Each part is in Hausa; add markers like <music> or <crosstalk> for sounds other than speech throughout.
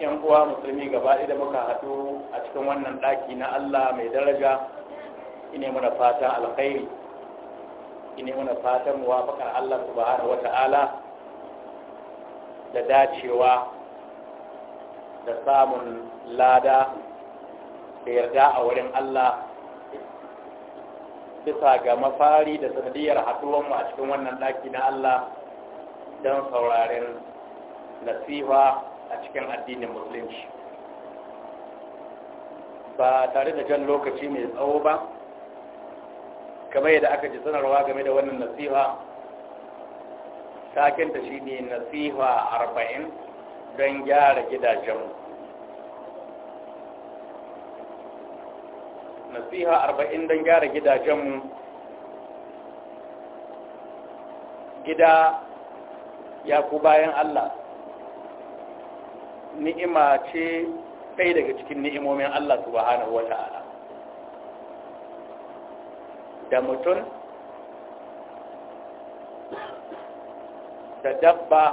yan uwa musulmi gaba da muka haɗu a cikin wannan ɗaki na Allah mai daraja ine muna fatan alkhairi ine muna fatan muwafaqar Allah subhanahu wata'ala da dacewa da samun lada da yarda a wurin Allah bisa ga mafari da sanadiyar mu a cikin wannan ɗaki na Allah don sauraren nasiha a cikin addinin musulunci ba tare da jan lokaci mai tsawo ba kamar yadda aka ji sanarwa game da wannan nasiha takinta shi ne nasiha arba'in don gyara gidajenmu nasiha arba'in don gyara gidajenmu gida ya ku bayan Allah ni'ima ce ɗaya daga cikin ni'imomin Allah subhanahu wa ta'ala da mutum da dabba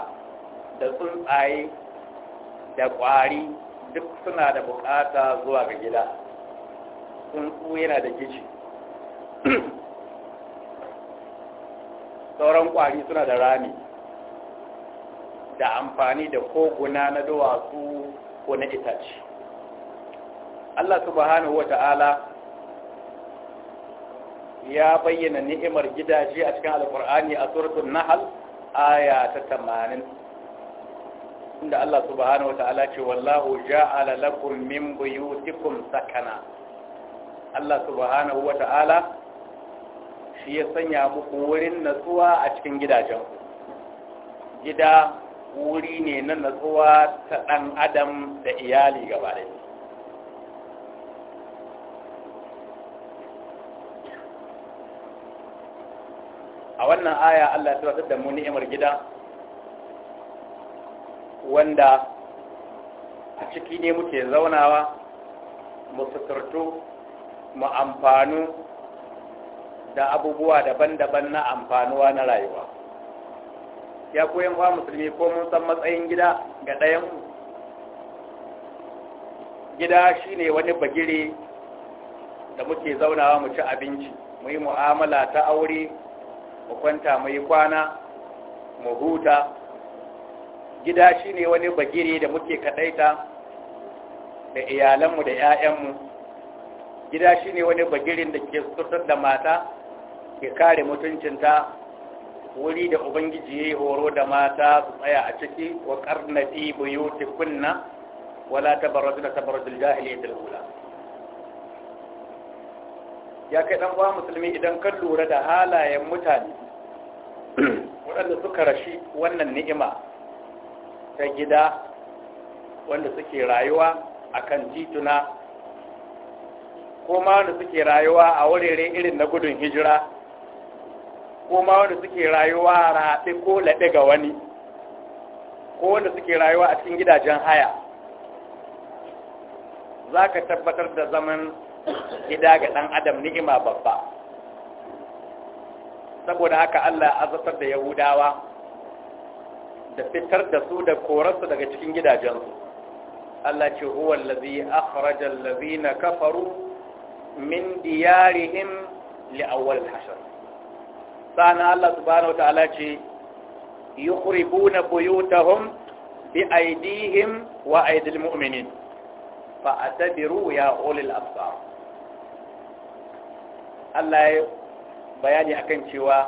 da tsuntsaye da ƙwari duk suna da buƙata zuwa ga gida tsuntsu yana da gici <clears throat> sauran ƙwari suna da rami da amfani da koguna na duwatsu ko na itace Allah subhanahu wata'ala ya bayyana ni'imar gidaje a cikin alkur'ani a suratul nahl aya ta 80 inda Allah subhanahu wata'ala ce wallahu ja'ala lakum min buyutikum sakana Allah subhanahu wata'ala shi ya sanya muku wurin natsuwa a cikin gidajen gida wuri ne na natsuwa ta ɗan adam da iyali gaba da a wannan aya Allah ya tabbatar da mu ni'imar gida wanda a ciki ne muke zaunawa mu suturtu mu amfanu da abubuwa daban-daban na amfanuwa na rayuwa ya koyan wa musulmi ko mun san matsayin gida ga ɗayan gida shine wani bagire da muke zaunawa mu ci abinci mu yi mu'amala ta aure mu kwanta mu yi kwana mu huta gida shine wani bagire da muke kadaita da iyalanmu da 'ya'yanmu gida shine wani bagirin da ke sutar da mata ke kare mutuncinta wuri da ubangiji ya yi horo da mata su tsaya a ciki wa karnafi buyuti kunna wala tabarraju da tabarrajul jahiliyatul ula ya kai dan uwa musulmi idan ka lura da halayen mutane waɗanda suka rashi wannan ni'ima ta gida wanda suke rayuwa a kan tituna ko ma wanda suke rayuwa a wurare irin na gudun hijira ko ma wanda suke rayuwa raɗe ko laɗe ga wani ko wanda suke rayuwa a cikin gidajen haya za ka tabbatar da zaman gida ga ɗan adam ni'ima babba saboda haka Allah azabtar da yahudawa da fitar da su da korarsu daga cikin gidajensu Allah ce huwa allazi akhraja na kafaru min diyarihim li awwal sana Allah subhanahu ta'ala ce yukhribuna buyutahum bi aidihim wa aidil mu'minin fa atabiru ya ulil afsa Allah ya bayani akan cewa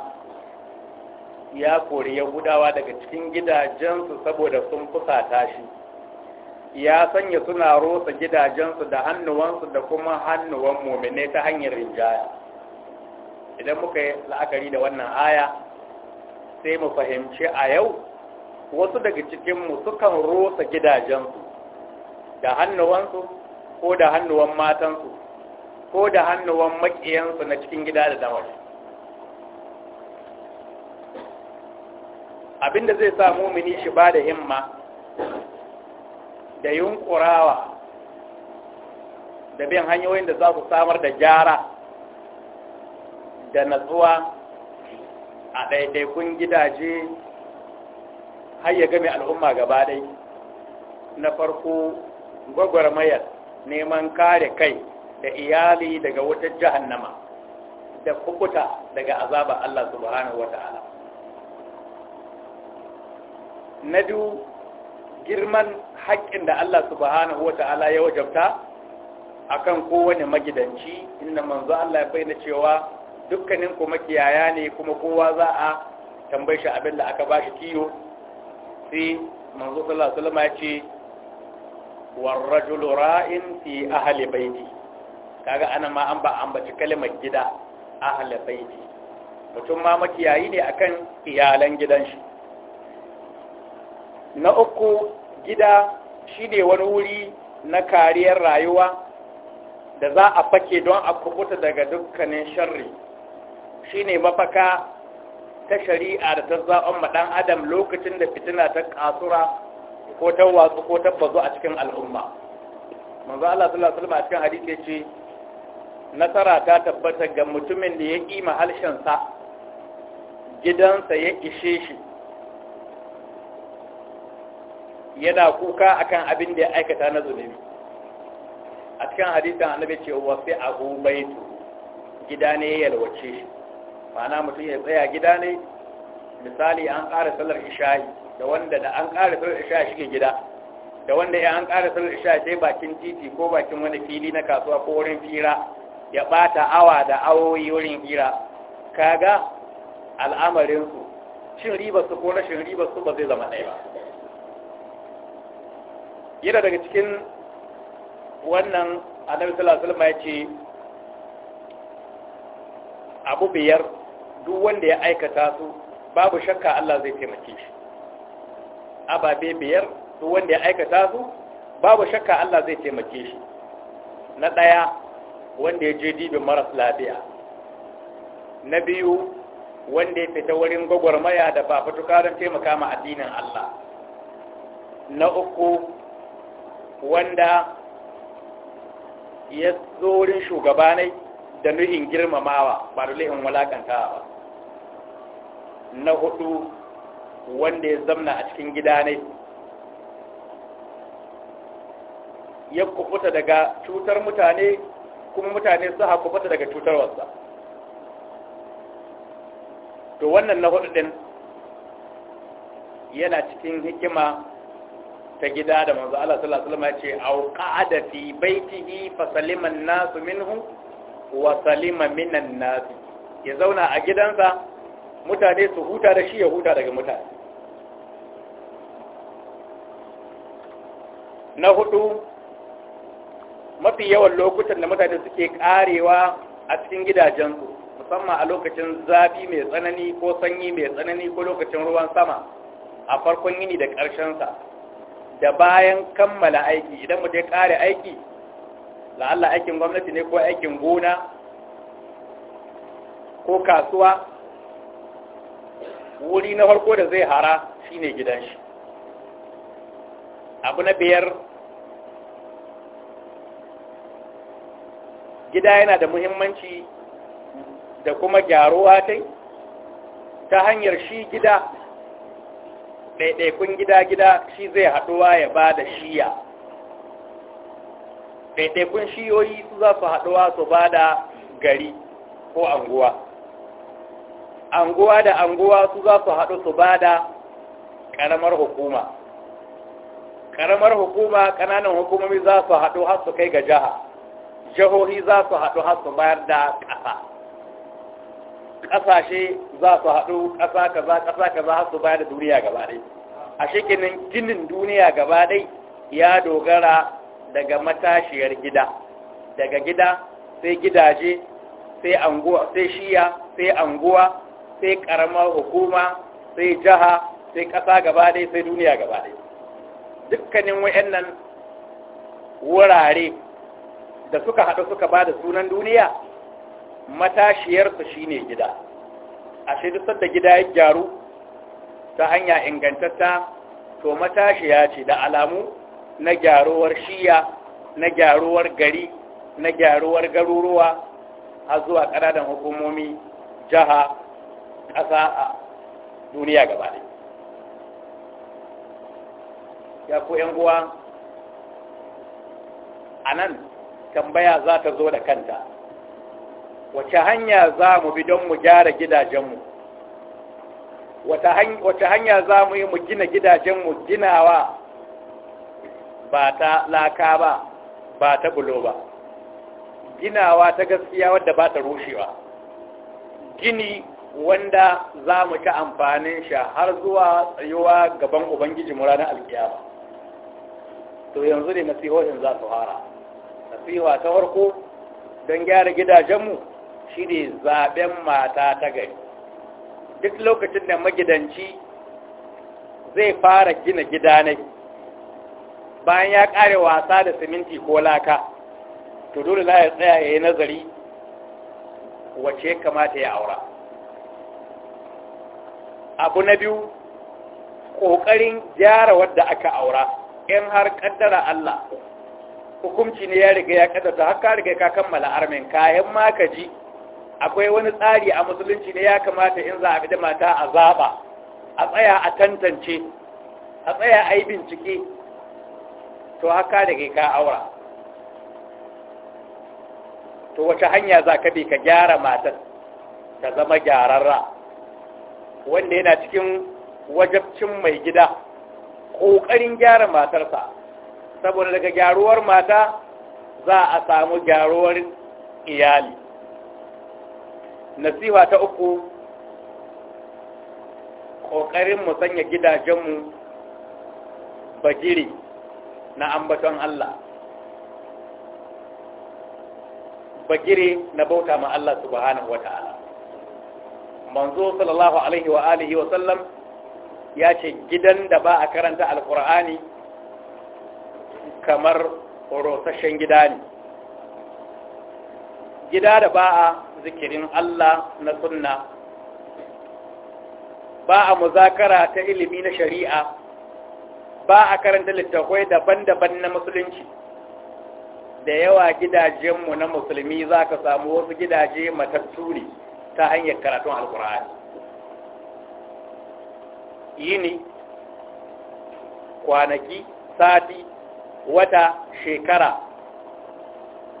ya kori yahudawa daga cikin gidajensu saboda sun fusata shi ya sanya suna rosa gidajensu da hannuwansu da kuma hannuwan mummune ta hanyar rinjaya idan muka yi la'akari da wannan aya sai mu fahimci a yau wasu daga cikinmu sukan rosa gidajensu da hannuwansu ko da hannuwan matansu ko da hannuwan maƙiyansu na cikin gida da Abin abinda zai sa mumini shi ba da himma da yunkurawa da bin hanyoyin da za su samar da gyara da natsuwa a ɗaiɗaikun gidaje har ya game al'umma gaba ɗai na farko gwagwarmayar neman kare kai da iyali daga wata jahannama da kukuta daga azabar Allah subhanahu wa ta'ala na biyu girman haƙƙin da Allah subhanahu wa ta'ala ya wajabta akan kowane magidanci inda manzo Allah ya bayyana cewa dukkanin kuma kiyaya ne kuma kowa za a tambayi shi abin da aka bashi kiyo sai manzo sallallahu alaihi wasallam ce rajul ra'in fi ahli baiti kaga ana ma an ba ambaci kalmar gida ahli baiti mutum ma makiyayi ne akan iyalan gidan shi na uku gida shi ne wani wuri na kariyar rayuwa da za a fake don a kubuta daga dukkanin sharri shine mafaka ta shari'a da ta zaɓen maɗan adam lokacin da fitina ta ƙasura ko ta watsu ko ta bazu a cikin al'umma manzo Allah sallallahu alaihi a cikin hadisi ce nasara ta tabbata ga mutumin da ya kima harshen sa gidansa ya ishe shi yana kuka akan abin da ya aikata na zunubi a cikin hadisin annabi ce wasu sai abu gida ne ya yalwace shi ma'ana mutum ya tsaya gida ne misali an ƙara salar isha'i da wanda da an ƙara salar isha'i shi gida da wanda ya an ƙara salar isha'i sai bakin titi ko bakin wani fili na kasuwa ko wurin fira ya ɓata awa da awoyi wurin fira kaga al'amarinsu shin riba su ko rashin riba su ba zai zama ɗaya ba yana daga cikin wannan annabi sallallahu alaihi wasallam ya ce abu biyar duk wanda ya aikata su babu shakka Allah zai taimake shi ababe biyar duk wanda ya aikata su babu shakka Allah zai taimake shi na ɗaya wanda ya je dibin maras lafiya na biyu wanda ya fita wurin gwagwarmaya da fafutuka don taimaka ma addinin Allah na uku wanda ya zo wurin shugabanai da nuhin girmamawa ba da lihin walakantawa na hudu wanda ya zamna a cikin gida ne ya kubuta daga cutar mutane kuma mutane su hakubuta daga cutar wasa, to wannan na hudu din yana cikin hikima ta gida da manzo Allah sallallahu alaihi wasallam ya ce au qa'ada fi baitihi fa salima an nasu minhu wa salima minan nas ya zauna a gidansa mutane su huta da shi ya huta daga mutane na hudu mafi yawan lokutan da mutane suke karewa a cikin gidajensu musamman a lokacin zafi mai tsanani ko sanyi mai tsanani ko lokacin ruwan sama a farkon yini da sa, da bayan kammala aiki idan mu je kare aiki la'alla aikin gwamnati ne ko aikin gona ko kasuwa wuri na farko da zai hara shine gidan shi abu na biyar gida yana da muhimmanci da kuma gyaruwa ta ta hanyar shi gida ɗaiɗaikun gida-gida shi zai haɗuwa ya ba da shiya ɗaiɗaikun shiyoyi su za su haɗuwa su ba da gari ko anguwa anguwa da anguwa su za su haɗu su ba da ƙaramar hukuma ƙaramar hukuma ƙananan hukumomi za su haɗu har su kai ga jiha jihohi za su haɗu har su bayar da ƙasa ƙasashe za su haɗu ƙasa kaza ƙasa kaza har su bayar da duniya gaba ɗai a shekinin ginin duniya gaba ɗai ya dogara daga matashiyar gida daga gida sai gidaje sai anguwa sai shiya sai anguwa sai karamar hukuma sai jiha, sai ƙasa gaba ɗaya sai duniya gaba ɗaya dukkanin wayannan wurare da suka haɗu suka ba da sunan duniya matashiyarsu ne gida A duk da gida ya gyaru ta hanya ingantatta to matashiya ce da alamu na gyaruwar shiya na gyaruwar gari na gyaruwar garuruwa har zuwa ƙananan hukumomi jiha. ƙasa a duniya gaba ne ya ku yan uwa a nan tambaya za ta zo da kanta wace hanya za mu bi don mu gyara gidajenmu wace hanya za mu yi mu gina gidajenmu ginawa ba ta laka ba ba ta bulo ba ginawa ta gaskiya wadda ba ta rushewa gini wanda za mu ta amfanin shi har zuwa tsayuwa gaban ubangiji mu ranar alkiyama to yanzu ne nasihohin za su fara nasiha ta farko don gyara gidajenmu shi ne zaben mata ta gari duk lokacin da magidanci zai fara gina gidanai bayan ya kare wasa da siminti ko laka to dole la ya tsaya ya yi nazari wace kamata ya aura abu na biyu ƙoƙarin gyara wadda aka aura in har ƙaddara Allah hukumci ne ya riga ya ƙaddata har ka riga ka kammala armin kayan makaji ji akwai wani tsari a musulunci ne ya kamata in za a da mata a zaɓa a tsaya a tantance a tsaya a yi bincike to haka riga ka aura to wace hanya za ka bi ka gyara matar ta zama gyararra wanda yana cikin wajabcin mai gida ƙoƙarin gyara matarsa saboda daga gyaruwar mata za a samu gyaruwar iyali nasiha ta uku ƙoƙarin mu sanya gidajenmu bagiri na ambaton Allah bagiri na bauta ma Allah subhanahu ta'ala manzo sallallahu alaihi wa alihi wa sallam ya ce gidan da ba a karanta alkur'ani kamar rosashen gida ne gida da ba a zikirin Allah na sunna ba a muzakara ta ilimi na shari'a ba a karanta littattafai daban-daban na musulunci da yawa gidajenmu na musulmi za ka samu wasu gidaje matattu ta hanyar karatun alkur'ani yini kwanaki sati wata shekara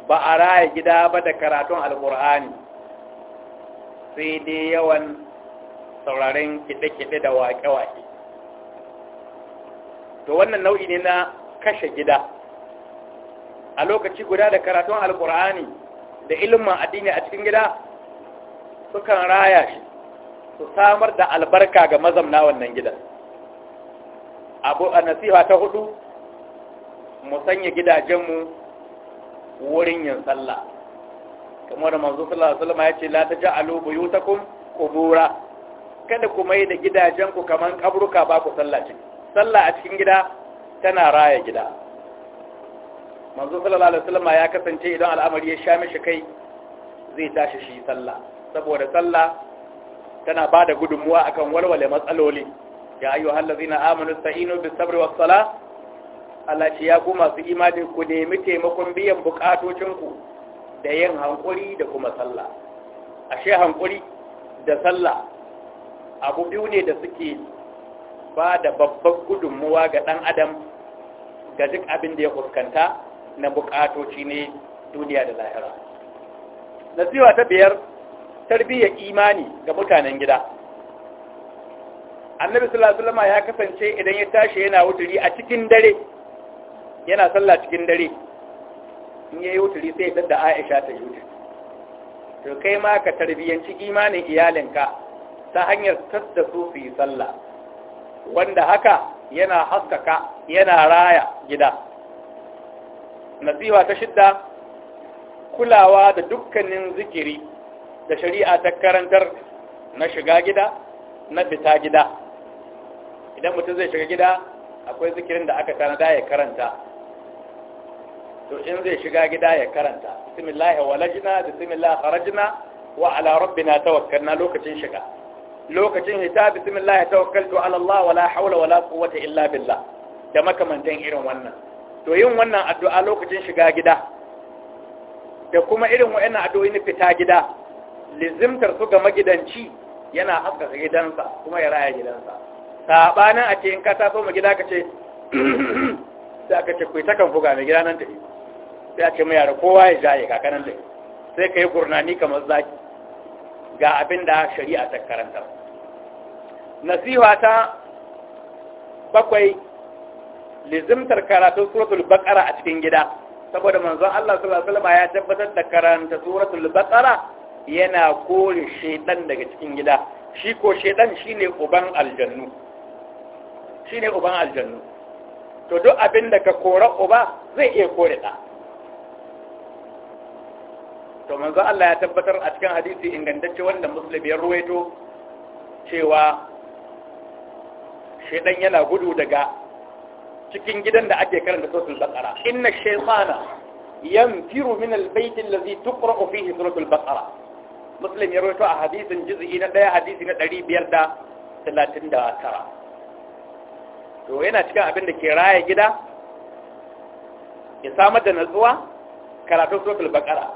ba a raya gida ba da karatun alkur'ani sai dai yawan sauraren kide-kide da waƙe-waƙe to wannan nau'i ne na kashe gida a lokaci guda da karatun alkur'ani da ilimin addini a cikin gida sukan raya shi su samar da albarka ga mazamna wannan gidan abu a nasiha ta hudu mu sanya gidajenmu wurin yin sallah kamar da manzo sallallahu alaihi wasallam ya ce la taj'alu buyutakum qubura kada ku mai da gidajenku kamar kabruka ba ku sallah ci sallah a cikin gida tana raya gida manzo sallallahu alaihi wasallam ya kasance idan al'amari ya sha mishi kai zai tashi shi sallah saboda sallah tana ba da gudunmuwa akan walwale matsaloli ya ayyu hallazina amanu sa'inu bis sabri was sala Allah ya ku masu imani ku nemi taimakon biyan bukatocin ku da yin hankuri da kuma sallah ashe hankuri da sallah abu biyu ne da suke ba da babban gudunmuwa ga dan adam ga duk abin da ya fuskanta na bukatoci ne duniya da lahira nasiha ta biyar tarbiyyar imani ga mutanen gida annabi sallallahu ya kasance idan ya tashi yana wuturi a cikin dare yana sallah cikin dare in yayi wuturi sai ya dadda Aisha ta yi wuturi to kai ma ka tarbiyyanci imanin iyalinka ta hanyar tadda su su yi sallah wanda haka yana haskaka yana raya gida nasiha ta shidda kulawa da dukkanin zikiri da shari'a ta karantar na shiga gida na fita gida idan mutum zai shiga gida akwai zikirin da aka tanada ya karanta to in zai shiga gida ya karanta bismillah walajna bismillah kharajna wa ala rabbina tawakkalna lokacin shiga lokacin hita bismillah tawakkaltu ala Allah wala hawla wala quwwata illa billah da makamantan irin wannan to yin wannan addu'a lokacin shiga gida da kuma irin wa'annan addu'o'i na fita gida lizimtar su ga magidanci yana haskaka gidansa kuma ya raya gidansa sabanin a ce in ka taso mu gida ka ce <clears throat> sai aka ce kuita takan fuga mai gida nan tafi sai a ce mai yara kowa ya jaye kakanan da sai ka yi gurnani kamar zaki ga abin da shari'a ta karanta nasiha ta bakwai lizimtar karatun suratul baqara a cikin gida saboda manzon Allah sallallahu alaihi wasallam ya tabbatar da karanta suratul baqara yana kore shaidan daga cikin gida shi ko shaidan shine uban aljannu shine uban aljannu to duk abin da ka kora uba zai iya kore ɗa to manzo Allah ya tabbatar a cikin hadisi ingantacce wanda muslim ya ruwaito cewa shaidan yana gudu daga cikin gidan da ake karanta suratul bakara inna shaitana yanfiru min albayt allazi tuqra fihi suratul baqara muslim ya roto a hadisin juz'i na ɗaya hadisi na ɗari to yana cikin abin da ke raya gida ya samar da natsuwa karatu suratul baqara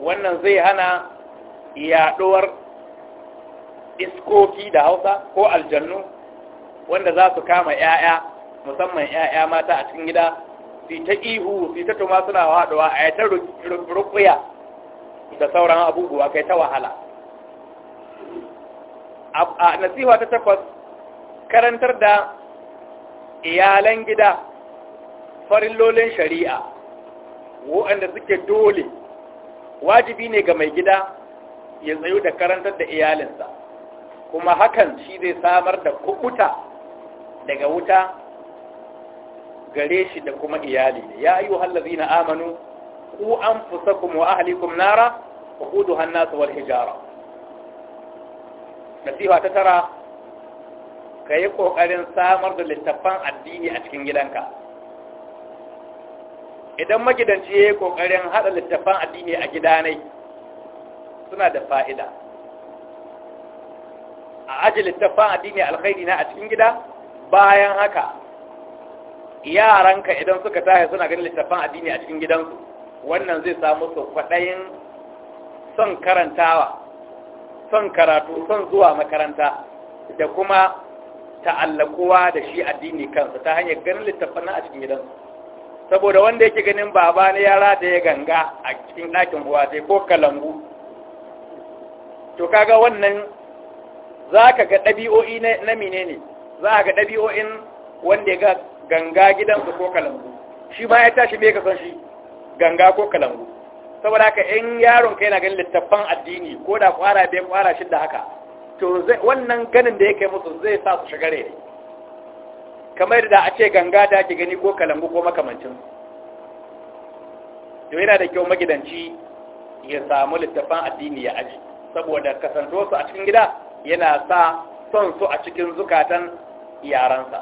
wannan zai hana yaɗuwar iskoki da hausa ko aljannu wanda za su kama 'ya'ya musamman 'ya'ya mata a cikin gida su ta ihu su ta tuma suna haɗuwa a rukuya da sauran abubuwa kai ta wahala a nasiha ta takwas karantar da iyalan gida farillolin shari'a waɗanda suke dole wajibi ne ga mai gida ya tsayo da karantar da iyalinsa kuma hakan shi zai samar da kukuta daga wuta gare shi da kuma iyali ya yi wahallazi na amanu ku anfusakum wa ahlikum nara wa quduha an-nas wal hijara nasiha ta tara ka yi ƙoƙarin samar da littattafan addini a cikin gidanka idan magidanci yayi ƙoƙarin haɗa littattafan addini a gidanai suna da fa'ida a ajiye littattafan addini alkhairi na a cikin gida bayan haka yaranka idan suka tashi suna ganin littattafan addini a cikin gidansu wannan zai samu su kwaɗayin son karantawa son karatu son zuwa makaranta da kuma ta'allakuwa da shi addini kansa ta hanyar ganin littafan a cikin gidansu saboda wanda yake ganin baba ne yara da ya ganga a cikin ɗakin uwa sai ko kalangu to kaga wannan za ka ga ɗabi'o'i na mine ne za ka ga ɗabi'o'in wanda ya ga ganga gidansu ko kalangu shi ma ya tashi me ka san shi ganga ko kalangu saboda haka in yaron ka yana ganin littattafan addini ko da kwara bai kwara da haka to wannan ganin da yake musu zai sa su shigare ne kamar da a ce ganga da ake gani ko kalangu ko makamancin to yana da kyau magidanci ya samu littattafan addini ya aji saboda kasantuwar su a cikin gida yana sa son su a cikin zukatan yaransa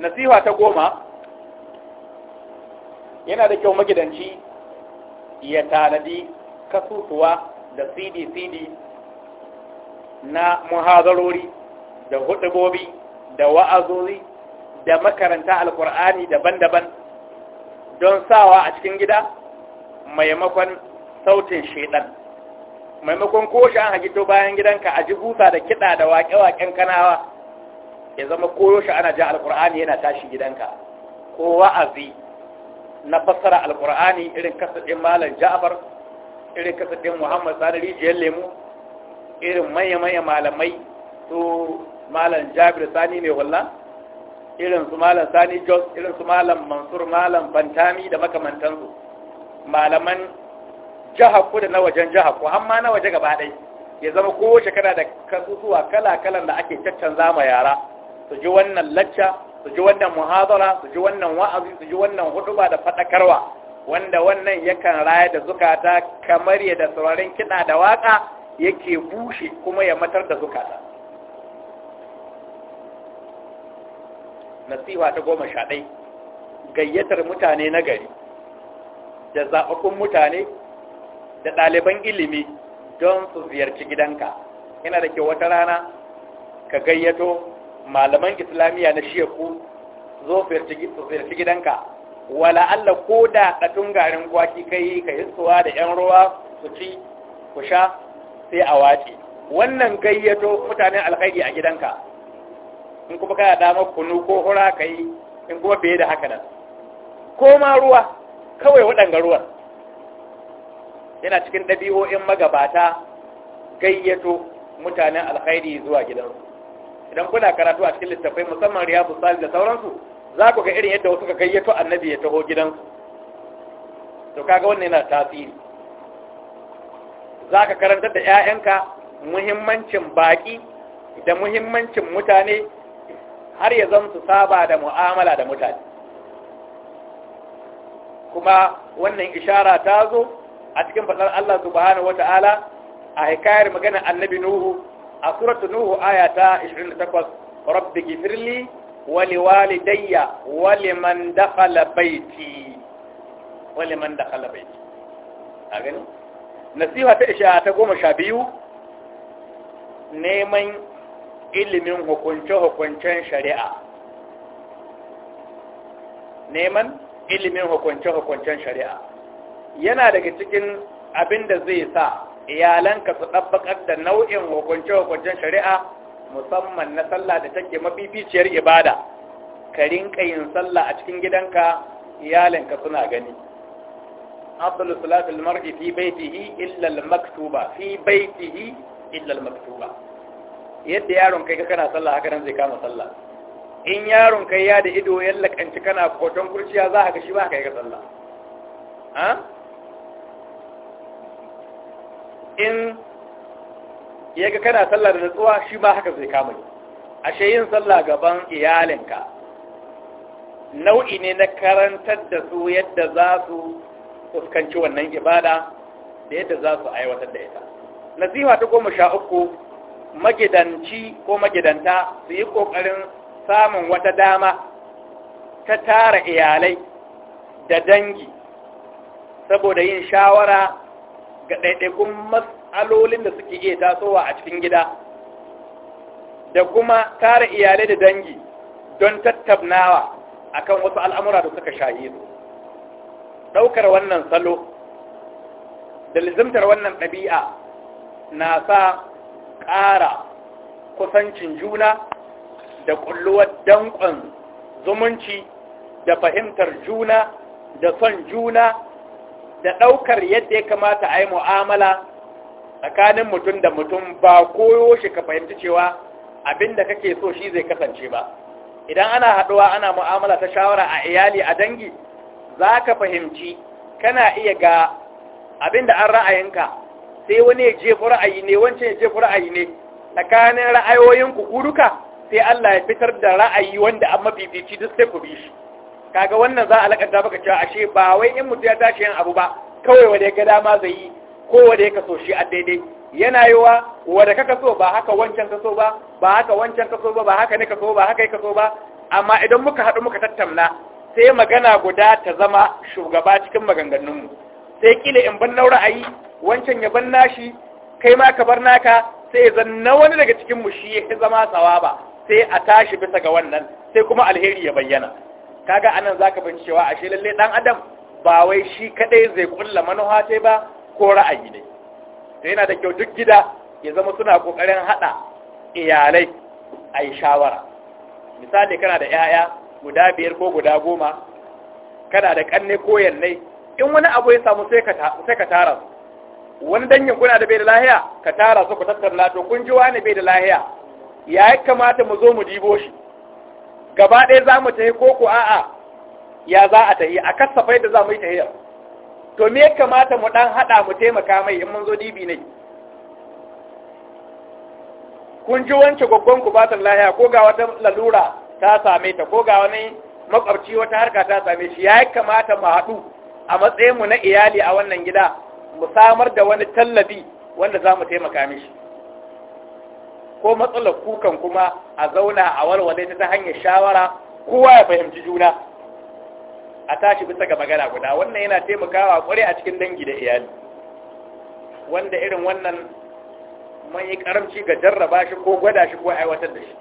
nasiha ta goma yana da kyau magidanci ya tanadi kasusuwa da cd-cd na muhazarori da hudubobi da wa'azori da makaranta alkur'ani daban-daban don sawa a cikin gida maimakon sautin shaidan maimakon ko shi an hagito bayan gidanka a ji busa da kiɗa da waƙe-waƙen kanawa ya zama koyo shi ana ji alkur'ani yana tashi gidanka ko wa'azi na fassara alkur'ani irin kasadin malam ja'far irin kasadin muhammad sani rijiyar lemu irin manya-manya malamai su malam jabir sani mai hula irin su malam sani jos irin su malam mansur malam bantami da makamantansu malaman jahakku da na wajen jahakku amma na waje gaba ɗai ya zama kowace kana da kasusuwa kala-kalan da ake caccanza zama yara su ji wannan lacca su ji wannan muhazara su ji wannan wa'azi su ji wannan huduba da fadakarwa wanda wannan yakan raya da zukata kamar yadda sauraron kiɗa da waka yake bushe kuma ya matar da zukata nasiha ta goma sha ɗai gayyatar mutane na gari da zaɓaɓɓun mutane da ɗaliban ilimi don su ziyarci gidanka yana da kyau wata rana ka gayyato malaman islamiyya na shiya ku zo firci gidanka wala Allah ko da ɗatun garin kwaki kai ka yi tsuwa da 'yan ruwa su ci ku sha sai a wace wannan gayyato mutanen alkhairi a gidanka in kuma kana damar kunu ko hura ka yi in kuma fiye da haka nan ko ma ruwa kawai waɗanga ruwan yana cikin ɗabi'o'in magabata gayyato mutanen alkhairi zuwa gidansu idan kuna karatu a cikin littafai musamman ya salih da sauransu za ku ga irin yadda wasu ka gayyato annabi ya taho gidansu to kaga wannan yana tasiri za ka karantar da 'ya'yanka muhimmancin baƙi da muhimmancin mutane har ya zan su saba da mu'amala da mutane kuma wannan ishara ta zo a cikin faɗar Allah subhanahu wata'ala a hikayar magana annabi Nuhu a suratu nuhu aya ta 28 rabbi gifirli wali liwalidayya Wali man dakhala baiti Wali man dakhala baiti a gani nasiha ta isha ta goma sha biyu neman ilimin hukunce-hukuncen shari'a neman ilimin hukunce-hukuncen shari'a yana daga cikin abin da zai sa iyalanka su ɗabbaƙar da nau'in hukunce-hukuncen shari'a musamman na sallah da take mafificiyar ibada ka rinka yin sallah a cikin gidanka iyalinka suna gani asali salatul mar'i fi baitihi illa al-maktuba fi baitihi illa al-maktuba yadda yaron kai kana sallah haka nan zai kama sallah in yaron kai ya da ido ya lakanci kana koton kurciya za ka shi ba ka yi ka sallah in yaga kana sallah da natsuwa shi ma haka zai kama ne ashe yin sallah gaban iyalinka nau'i ne na karantar da su yadda za su fuskanci wannan ibada da yadda za su aiwatar da ita nasiha ta goma sha uku magidanci ko magidanta su yi ƙoƙarin samun wata dama ta tara iyalai da dangi saboda yin shawara ga ɗaiɗaikun matsalolin da suke iya tasowa a cikin gida da kuma tara iyalai da dangi don tattabnawa akan wasu al'amura da suka shaye su ɗaukar wannan salo da lizimtar wannan ɗabi'a na sa ƙara kusancin juna da ƙulluwar danƙon zumunci da fahimtar juna da son juna da ɗaukar yadda ya kamata a yi mu'amala tsakanin mutum da mutum ba koyo shi ka fahimci cewa abin da kake so shi zai kasance ba idan ana haɗuwa ana mu'amala ta shawara a iyali a dangi za ka fahimci kana iya ga abin da an ra'ayinka sai wani ya jefi ra'ayi ne wancan ya jefi ra'ayi ne tsakanin ra'ayoyin ku duka sai Allah ya fitar da ra'ayi wanda an mafifici duk sai ku bi shi kaga wannan za a lakanta baka cewa ashe ba wai in mutu ya tashi yin abu ba kawai wanda ya ga dama zai yi ko wanda ya kaso shi a daidai yana yiwa wanda ka kaso ba haka wancan kaso ba ba haka wancan kaso ba ba haka ne kaso ba haka ya kaso ba amma idan muka haɗu muka tattauna sai magana guda ta zama shugaba cikin maganganunmu sai kila in ban na ra'ayi wancan ya ban nashi kai ma ka bar naka sai zan zanna wani daga cikin mu shi ya zama ba, sai a tashi bisa ga wannan sai kuma alheri ya bayyana kaga anan zaka bin cewa ashe lalle dan adam ba wai shi kadai zai kulla manuha ce ba ko ra'ayi ne to yana da kyau duk gida ya zama suna kokarin hada iyalai a yi shawara misali kana da 'ya'ya guda biyar ko guda goma kana da kanne ko yannai in wani abu ya samu sai ka tara su wani dangin kuna da bai da lahiya ka tara su ku tattara to kun ji wani bai da lahiya ya kamata mu zo mu dibo shi gaba ɗaya za mu tahi koko a'a ya za a tahi a kasafai da za mu yi tahiyar to me ya kamata mu ɗan haɗa mu taimaka mai in mun zo dibi ne kun ji wance gwaggon ku batan lahiya ko ga wata lalura ta same ta ko ga wani makwabci wata harka ta same shi ya kamata mu haɗu a matsayinmu na iyali a wannan gida mu samar da wani tallafi wanda za mu taimaka mishi ko matsalar kukan kuma a zauna a walwale ta hanyar shawara kowa ya fahimci juna a tashi bisa ga magana guda wannan yana taimakawa kware a cikin dangi da iyali wanda irin wannan mun yi karamci ga jarraba shi ko gwada shi ko aiwatar da shi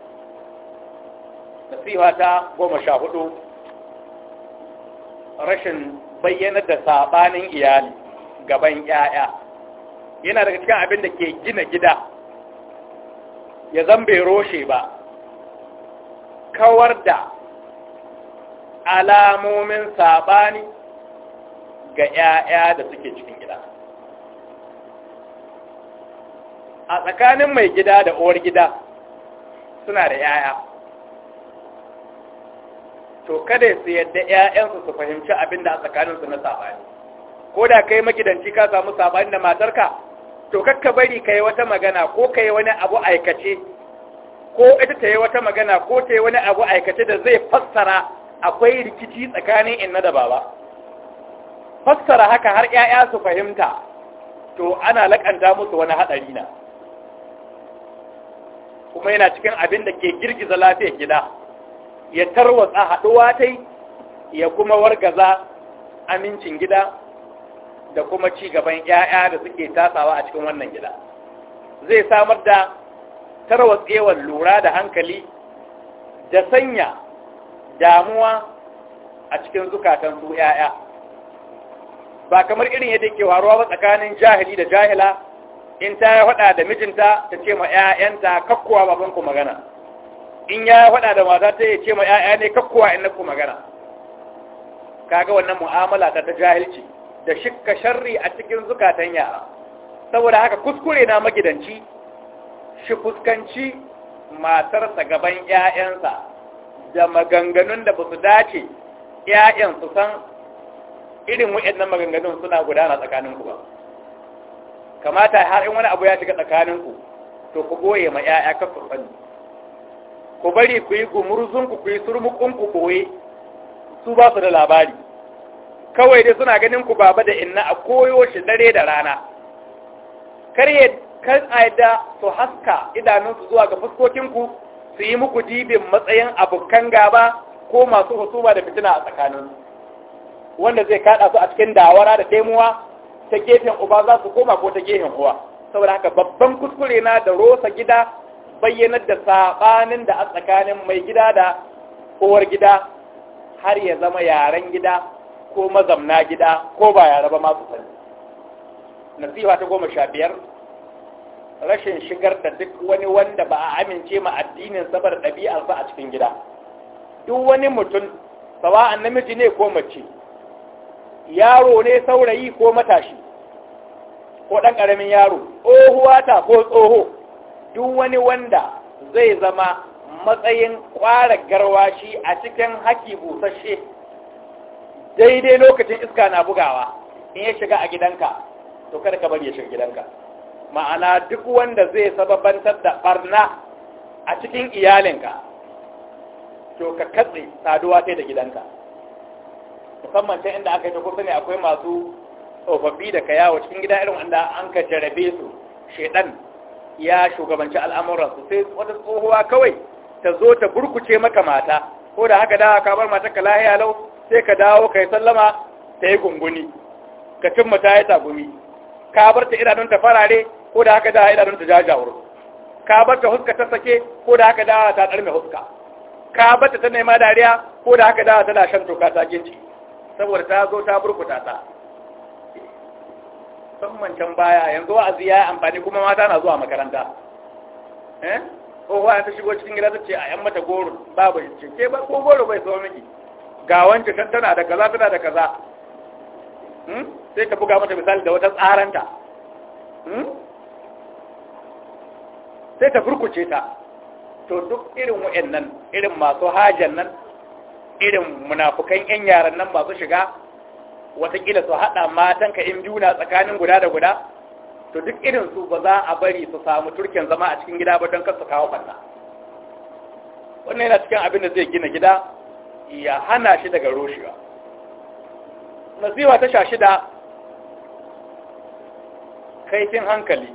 nasiha ta goma sha hudu rashin bayyana da sabanin iyali gaban 'ya'ya yana daga cikin abin da ke gina gida ya zan bai roshe ba kawar da alamomin saɓani ga 'ya'ya da suke cikin gida a tsakanin mai gida da uwar gida suna da 'ya'ya to kada su yadda 'ya'yansu su fahimci abin da a tsakaninsu na saɓani ko da kai magidanci ka samu saɓani da matarka to kakka bari ka yi wata magana ko ka yi wani abu aikace ko ita ta yi wata magana ko ta yi wani abu aikace da zai fassara akwai rikici tsakanin inna da baba fassara haka har 'ya'ya su fahimta to ana laƙanta musu wani haɗari na kuma yana cikin abin da ke girgiza lafiyar gida ya tarwatsa haɗuwa ta ya kuma wargaza amincin gida da kuma ci gaban 'ya'ya da suke tasawa a cikin wannan gida zai samar da tarwatsewar lura da hankali da sanya damuwa a cikin zukatan su 'ya'ya ba kamar irin yadda ke waruwa ba tsakanin jahili da jahila in ta ya faɗa da mijinta ta ce ma 'ya'yanta kakkowa ku magana in ya faɗa da mata ta ce ma 'ya'ya ne kakkowa in ku magana kaga wannan mu'amala ta jahilci da shikka sharri a cikin zukatan yara saboda haka kuskure na magidanci shi fuskanci matarsa gaban 'ya'yansa da maganganun da ba su dace 'ya'yan su san irin waɗannan maganganun suna gudana tsakaninku ba kamata har in wani abu ya shiga tsakaninku to ku goye ma 'ya'ya kafin fanni ku bari ku yi gumurzunku ku yi surmukunku boye su ba su da labari kawai dai suna ganin ku baba da inna a koyo shi dare da rana kar a aida su haska idanunsu zuwa ga fuskokinku su yi muku dibin matsayin abokan gaba ko masu husuma da fitina a tsakanin wanda zai kada su a cikin dawara da taimuwa ta gefen uba za su koma ko ta gefen uwa saboda haka babban kuskure na da rosa gida bayyanar da saɓanin da a tsakanin mai gida da uwar gida har ya zama yaren gida ko mazamna gida ko ba yare ba masu sani nasiha ta goma sha biyar rashin shigar da duk wani wanda ba a amince ma addinin sabar ɗabi'arsa a cikin gida duk wani mutum sawa'an namiji ne ko mace yaro ne saurayi ko matashi ko ɗan ƙaramin yaro tsohuwata ko tsoho duk wani wanda zai zama matsayin ƙwara garwashi a cikin haki busasshe daidai lokacin iska na bugawa in ya shiga a gidanka to kada ka bari ya shiga gidanka ma'ana duk wanda zai sababantar da barna a cikin iyalinka to ka katse saduwa sai da gidanka musamman ta inda aka yi ta kusa ne akwai masu tsofaffi da ka yawo cikin gida irin wanda an ka jarabe su shaidan ya shugabanci al'amuran su sai wata tsohuwa kawai ta zo ta burkuce maka mata ko da haka da ka bar mata ka lahiya lau sai ka dawo ka yi sallama ta yi gunguni ka cimma ta yi tagumi ka bar ta idanun ta farare ko da haka da idanun ta jajawar ka bar ta huska ta sake ko da haka da ta tsarme huska ka bar ta ta nema dariya ko da haka da tana shan toka ta ginci saboda ta zo ta burkuta ta musamman can baya yanzu wa'azi ya amfani kuma mata na zuwa makaranta eh ko ta shigo cikin gida ta ce a yan mata goro babu ce ke ba ko goro bai zo miki ga wancan can tana da kaza tana da kaza hmm? sai ka buga mata misali da wata tsaranta hmm? sai ta furkuce ta to duk irin wa'annan irin masu hajjan nan irin munafukan yan yaran nan masu shiga watakila su haɗa matan ka in juna tsakanin guda da guda to duk irin su ba za a bari su samu turken zama a cikin gida ba don kasu su kawo banna wannan yana cikin abin da zai gina gida ya hana shi daga rushewa nasiwa ta sha shida kaifin hankali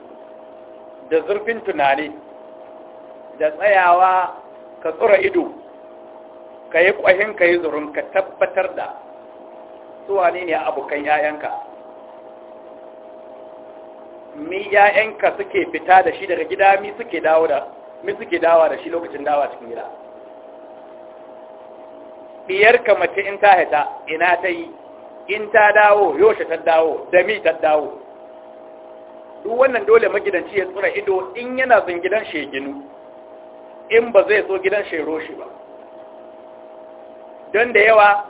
da zurfin tunani da tsayawa ka tsura ido ka yi ƙwahin ka yi zurun ka tabbatar da suwa ne ne abokan 'ya'yanka mi 'ya'yanka suke fita da shi daga gida mi suke dawa da shi lokacin dawa cikin gida diyarka mace in ta haita ina ta yi in ta dawo yoshe ta dawo da mi ta dawo duk wannan dole magidanci ya tsura ido in yana zan gidan sheginu in ba zai so gidan shero shi ba don da yawa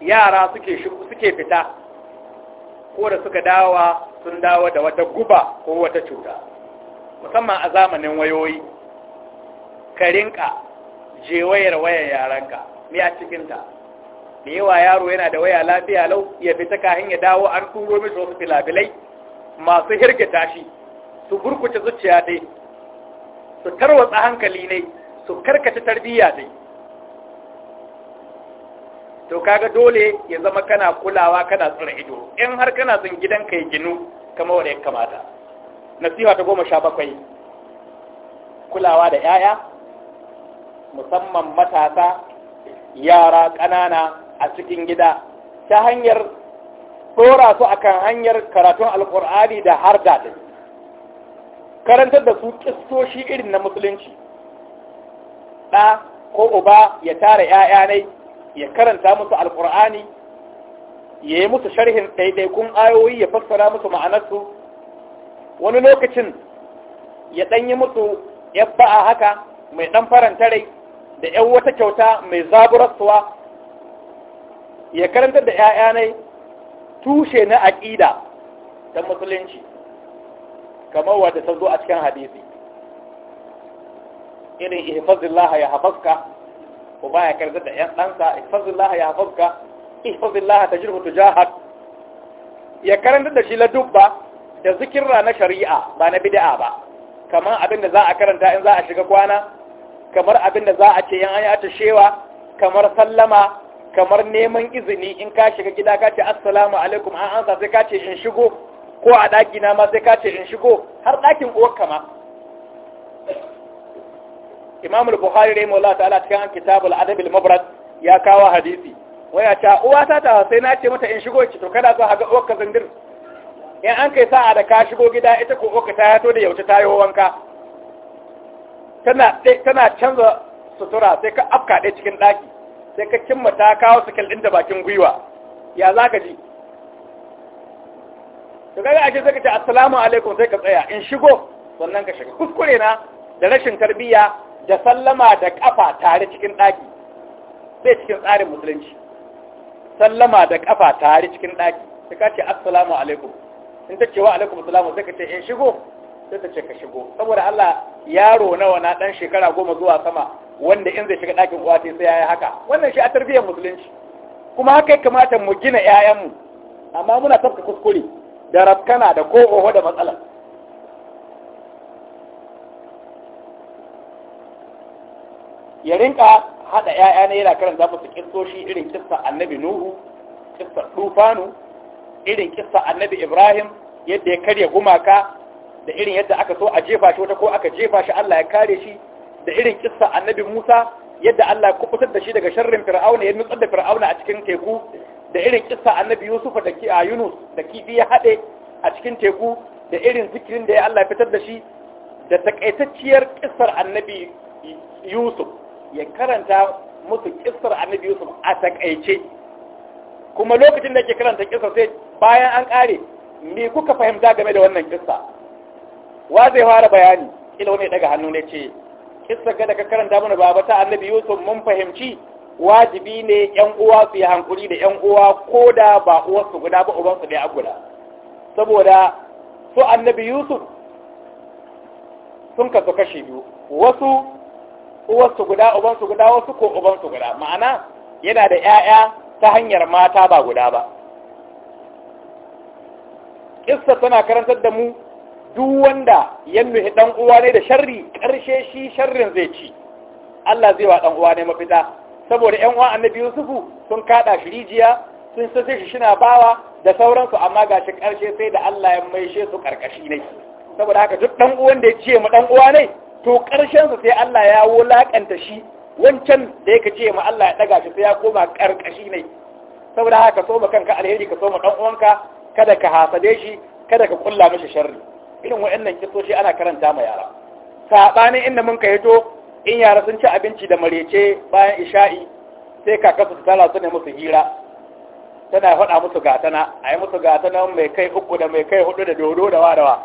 yara suke fita ko da suka dawa sun dawo da wata guba ko wata cuta musamman a zamanin wayoyi ka rinka jewayar wayar yaranka me a cikinta da yawa yaro yana da waya lafiya lau ya fita kahin ya dawo an turo mishi wasu filabilai masu hirgita shi su burkuce zuciya dai su tarwatsa hankali ne su karkace tarbiyya dai to kaga dole ya zama kana kulawa kana tsira ido in har kana son ka ya ginu kama wanda ya kamata nasiha ta goma sha bakwai kulawa da 'ya'ya musamman matasa yara ƙanana a cikin gida ta hanyar ɗora su akan hanyar karatun Alƙur'ani da har da karantar da su ƙistoshi irin na musulunci ɗa ko uba ya tara ‘ya'yanai ya karanta musu Alƙur'ani, ya yi musu sharhin ɗaiɗaikun ayoyi ya fassara musu ma'anarsu wani lokacin ya ɗanyi musu yabba a haka mai ɗan faranta rai da ‘yan wata kyauta mai zaburarsuwa ya karanta da ‘ya'yanai tushe na aƙida ta musulunci kamar wadda ta zo a cikin hadisi irin ihfazillaha ya hafazka ko ba ya karanta da ‘yan ɗansa ihfazillaha ya hafazka ihfazillaha ta jirhu tujahar ya karanta da shi la dubba da zikirra na shari'a ba na bid'a ba kamar abin da za a karanta in za a shiga kwana kamar abin da za a ce yan aya ta shewa kamar sallama kamar neman izini in ka shiga gida ka ce assalamu alaikum an ansa sai ka ce in shigo ko a ɗaki na ma sai ka ce in shigo har ɗakin uwarka ma imam al-bukhari rahimu allah ta'ala cikin kitab al-adab al-mufrad ya kawo hadisi waya ta uwa ta ta sai na ce mata in shigo ki to kada zo ga ka zindir in an kai sa'a da ka shigo gida ita ko uwarka ta yato da yauta ta wanka tana canza sutura sai ka afka ɗaya cikin ɗaki sai ka cimma ta kawo sikil ɗin da bakin gwiwa ya za ka ji to kaga ake sai ka ce assalamu alaikum sai ka tsaya in shigo sannan ka shiga kuskure na da rashin tarbiyya da sallama da kafa tare cikin ɗaki sai cikin tsarin musulunci sallama da kafa tare cikin ɗaki sai ka ce assalamu alaikum in ta ce wa alaikum assalamu sai ka ce in shigo sai ta ce ka shigo saboda Allah yaro nawa na dan shekara goma zuwa sama wanda in zai shiga ɗakin uwa sai ya yi haka wannan shi a tarbiyyar musulunci kuma haka ya kamata mu gina 'ya'yanmu amma muna tafka kuskure da raskana da ko oho da matsala. ya rinka haɗa 'ya'ya na yana karanta musu kistoshi irin kissa annabi nuhu kissa Dufanu, irin kissa annabi ibrahim yadda ya karya gumaka da irin yadda aka so a jefa shi wata ko aka jefa shi Allah ya kare shi da irin kissa annabi Musa yadda Allah ya kubutar da shi daga sharrin Fir'auna ya nutsar da Fir'auna a cikin teku da irin kissa annabi Yusuf da ki a Yunus da kifi ya hade a cikin teku da irin zikirin da ya Allah ya fitar da shi da takaitacciyar kissar annabi Yusuf ya karanta musu kissar annabi Yusuf a takaice kuma lokacin da ke karanta kissa sai bayan an kare me kuka fahimta game da wannan kissa wa zai fara bayani kila wani daga hannu ne ce kissa ga daga karanta mana baba ta annabi yusuf mun fahimci wajibi ne yan uwa su yi hankuri da yan uwa ko da ba su guda ba ubansu ɗaya guda saboda su annabi yusuf sun kasu kashe biyu wasu uwar su guda ubansu guda wasu ko ubansu guda ma'ana yana da 'ya'ya ta hanyar mata ba guda ba kissa tana karantar da mu duk wanda ya nuhi dan uwa ne da sharri karshe shi sharrin zai ci Allah zai wa dan uwa ne mafita saboda ƴan uwa Annabi Yusufu sun kada shi rijiya sun sace shi shina bawa da sauransu amma gashi karshe sai da Allah ya maishe su karkashi ne saboda haka duk dan uwan da ya ce mu dan uwa ne to karshen su sai Allah ya wulakanta shi wancan da yake ce mu Allah ya daga shi sai ya koma karkashi ne saboda haka so mu kanka alheri ka so mu dan uwanka kada ka hasade shi kada ka kulla mishi sharri irin wa'annan kisoshi ana karanta ma yara saɓanin inda mun kai to in yara sun ci abinci da marece bayan isha'i sai kakansu su tala su ne musu hira tana faɗa musu gatana a yi musu gatana mai kai uku da mai kai hudu da dodo da wadawa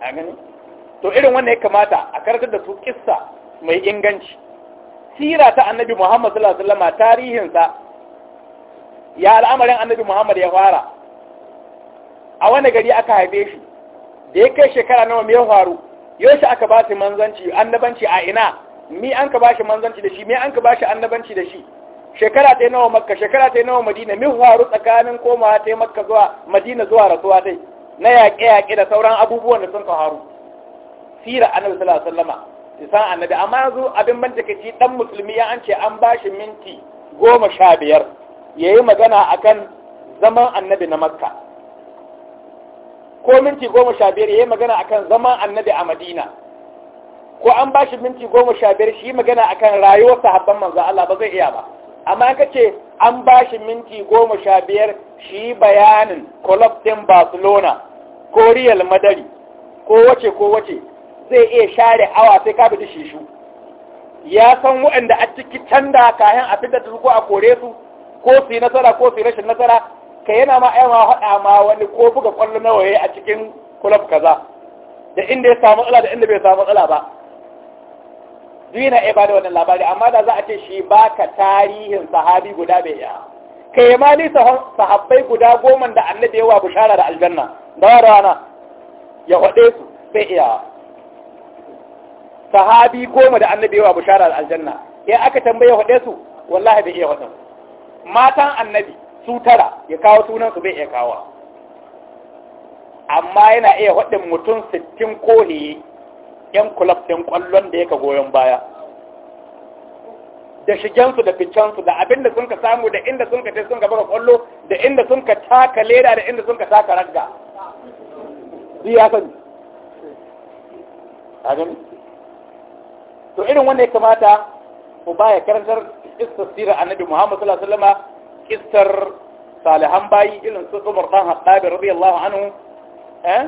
a gani to irin wannan ya kamata a karatar da su kissa mai inganci sira ta annabi muhammad sallallahu alaihi wasallam tarihinsa ya al'amarin annabi muhammad ya fara a wani gari aka haife shi da ya kai shekara nawa mai faru yaushe aka ba shi manzanci annabanci a ina mi an ka ba shi manzanci da shi mi an ka ba shi annabanci da shi shekara ta nawa makka shekara ta nawa madina mi faru tsakanin komawa ta makka zuwa madina zuwa rasuwa dai na yaƙe-yaƙe da sauran abubuwan da sun faru sira annabi sallallahu alaihi wasallama san annabi amma yanzu abin ban ci dan musulmi ya an ce an ba shi minti goma sha biyar yayi magana akan zaman annabi na makka ko minti goma sha biyar ya magana akan zaman annabi a madina ko an ba shi minti goma sha biyar shi magana akan rayuwar sahabban manzan Allah ba zai iya ba amma ka ce an ba shi minti goma sha biyar shi bayanin club din barcelona ko real madari ko wace ko wace zai iya share awa sai ka shi shishu ya san waɗanda a ciki canda kayan a fitar da su ko a kore su ko su yi nasara ko su yi rashin nasara ka yana ma aiwa haɗa ma wani ko buga kwallo na waye a cikin kulab kaza da inda ya samu matsala da inda bai samu matsala ba duk yana iya bada wannan labari amma da za a ce shi baka tarihin sahabi guda bai ya kai ma ni sahabbai guda goma da annabi yawa bushara da aljanna da rana ya faɗe su bai iya sahabi goma da annabi yawa bushara da aljanna ya aka tambaye faɗe su wallahi bai iya faɗe matan annabi su tara ya kawo sunan su bai iya kawo amma yana iya waɗin mutum sittin kohi yan kulab ɗin ƙwallon da yaka goyon baya da shigensu da ficensu da abinda sun ka samu da inda sun ka ce sun ka baka ƙwallo da inda sun ka taka leda da inda sun ka taka ragga ya sani a gani to irin wanda ya kamata ku baya karantar istasirar annabi muhammad sallallahu alaihi wasallama kistar salihan bayi irin su umar dan haɗaɓe radiyallahu anhu eh,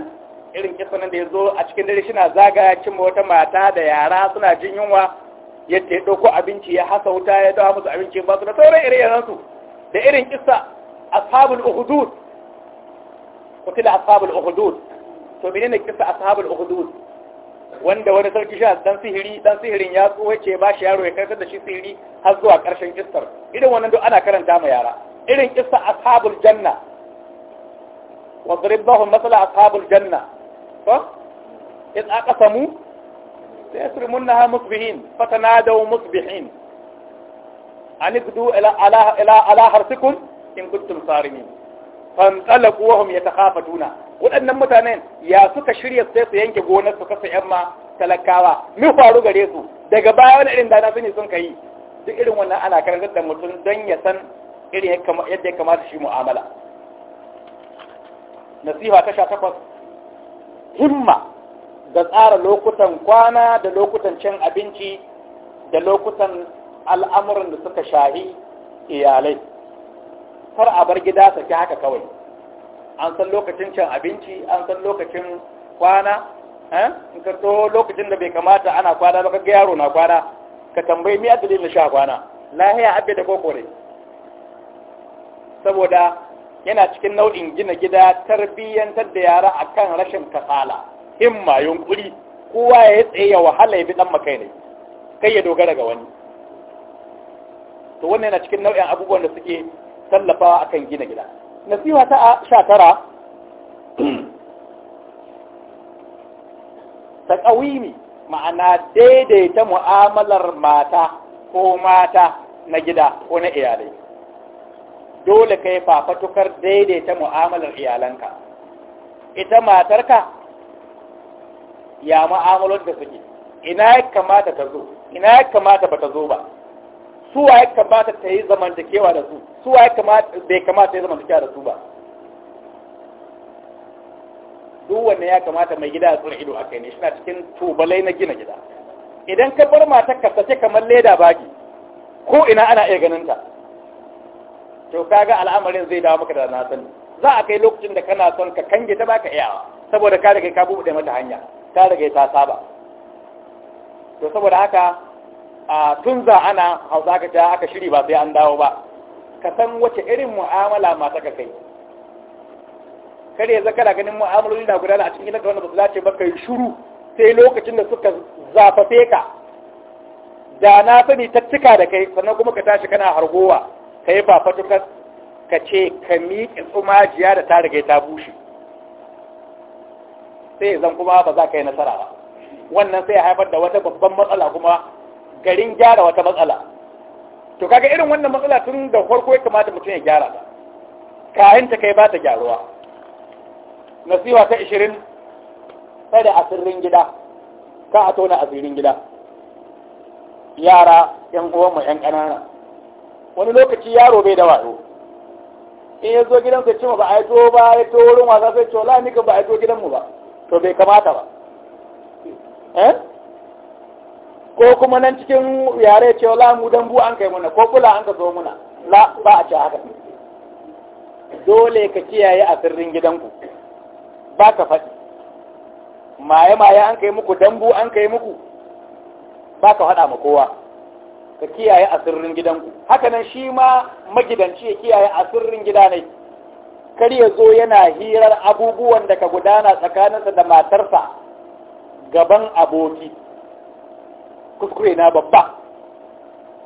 irin kisan nan da ya zo a cikin dare shi na zaga cimma wata mata da yara suna jin yunwa yadda ya ɗauko abinci ya hasa wuta ya dawo musu abinci ba su da sauran ire su da irin kisa ashabul uhudud kutila ashabul uhudud to menene kisa ashabul uhudud wanda wani sarki shi dan sihiri dan sihirin ya tsohace ba shi yaro ya karkar da shi sihiri har zuwa karshen kistar irin wannan duk ana karanta ma yara irin kissa ashabul janna wa daribahum masala ashabul janna ko iz aqsamu la yasrimunha musbihin fatanadaw musbihin an iqdu ila ala ila ala harsikum in kuntum sarimin fantalaqu wa hum yatakhafatuna waɗannan mutanen ya suka shirya sai su yanke gonar su kasa yamma talakawa mi faru gare su daga baya wani irin dana sani sun kai duk irin wannan ana karantar da mutum don ya san irin yadda ya kamata shi mu'amala nasiha ta sha takwas himma da tsara lokutan kwana da lokutan cin abinci da lokutan al'amuran da suka shahi iyalai kar a bar gida sake haka kawai an san lokacin cin abinci an san lokacin kwana eh? in ka so lokacin da bai kamata ana kwana ba kaga yaro na kwana ka tambayi mi adalin na sha kwana lahiya abbe da koko ne saboda yana cikin nau'in gina gida tarbiyyantar da yara akan rashin kasala himma yunkuri kowa ya tsaye ya wahala ya bi dan makai ne kai ya dogara ga wani to wannan yana cikin nau'in abubuwan da suke tallafawa akan gina gida nasiha ta sha tara ta ƙawimi ma'ana daidaita mu'amalar mata ko mata na gida ko na iyalai dole ka yi fafatukar daidaita mu'amalar iyalanka ita matarka ya mu'amalar da suke ina ya kamata ta zo ina ya kamata ba ta zo ba suwa ya kamata ta yi zamantakewa da su suwa ya kamata bai kamata ya zamantakewa da su ba duk wanne ya kamata mai gida a ido a kai ne suna cikin tubalai na gina gida idan ka bar mata ka sace kamar leda baki ko ina ana iya ganin ta to kaga al'amarin zai dawo maka da na sani za a kai lokacin da kana son ka kange ta baka iyawa saboda ka riga ka buɗe mata hanya ta riga ta saba to saboda haka a tun za ana hausa ka ta aka shiri ba sai an dawo ba ka san wace irin mu'amala mata ka kai kare zaka da ganin mu'amaloli da gudana a cikin gidanka wanda ba su dace ba kai shiru sai lokacin da suka zafafe ka da na sani ta cika da kai sannan kuma ka tashi kana hargowa ka yi ba ka ce ka miƙe tsumajiya da ta riga ta bushe sai zan kuma ba za ka yi nasara ba wannan sai ya haifar da wata babban matsala kuma garin gyara wata matsala to kaga irin wannan matsala tun da farko ya kamata mutum ya gyara ta kayan ta kai ba ta gyaruwa nasiwa ta 20 sai da asirin gida ka a tona asirin gida yara yan mu yan ƙanana wani lokaci yaro bai da wayo in ya zo gidan ya ce ba a yato ba ya to wurin wasa sai cewa, wala ni ba a gidan mu ba to bai kamata ba eh ko kuma nan cikin yare ce wala mu dan bu an kai muna ko kula an ka zo muna la ba a ci haka dole ka kiyaye a sirrin gidanku ba ka faɗi maye maye an kai muku dambu an kai muku ba ka faɗa ma kowa ka kiyaye a sirrin gidanku haka nan shi ma magidanci ya kiyaye a sirrin gida ne kar ya zo yana hirar abubuwan da ka gudana tsakaninsa da matarsa gaban aboki kuskure na babba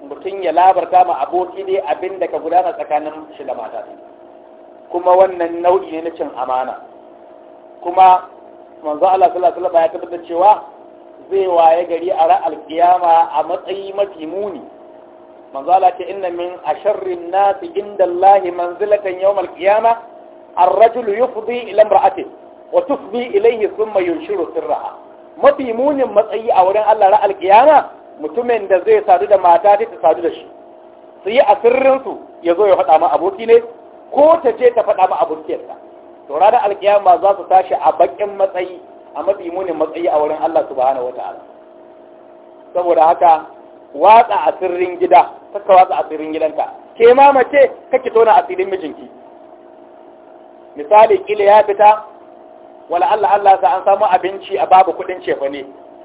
mutum ya labarta ma aboki dai abin da ka gudana tsakanin shi da mata kuma wannan nau'i ne na cin amana kuma manzo Allah sallallahu alaihi wasallam ya tabbata cewa zai waye gari a ra'al kiyama a matsayi mafi muni manzo Allah ce inna min asharrin nas inda Allah manzilatan yawm al-qiyama ar-rajulu yufdi ila imra'atihi wa tufdi ilayhi thumma yunshiru sirraha mafi munin matsayi a wurin Allah ra'al kiyama mutumin da zai sadu da mata ta sadu da shi su yi asirrinsu ya zo ya faɗa ma aboki ne ko ta ce ta faɗa ma abokiyarsa to ranar alkiyama za su tashi a bakin matsayi a mafi munin matsayi a wurin Allah subhanahu wata'ala saboda haka watsa asirrin gida saka watsa sirrin gidanta ke ma mace kake tona asirin mijinki misali kila ya fita wala Allah Allah za an samu abinci a babu kuɗin cefa ne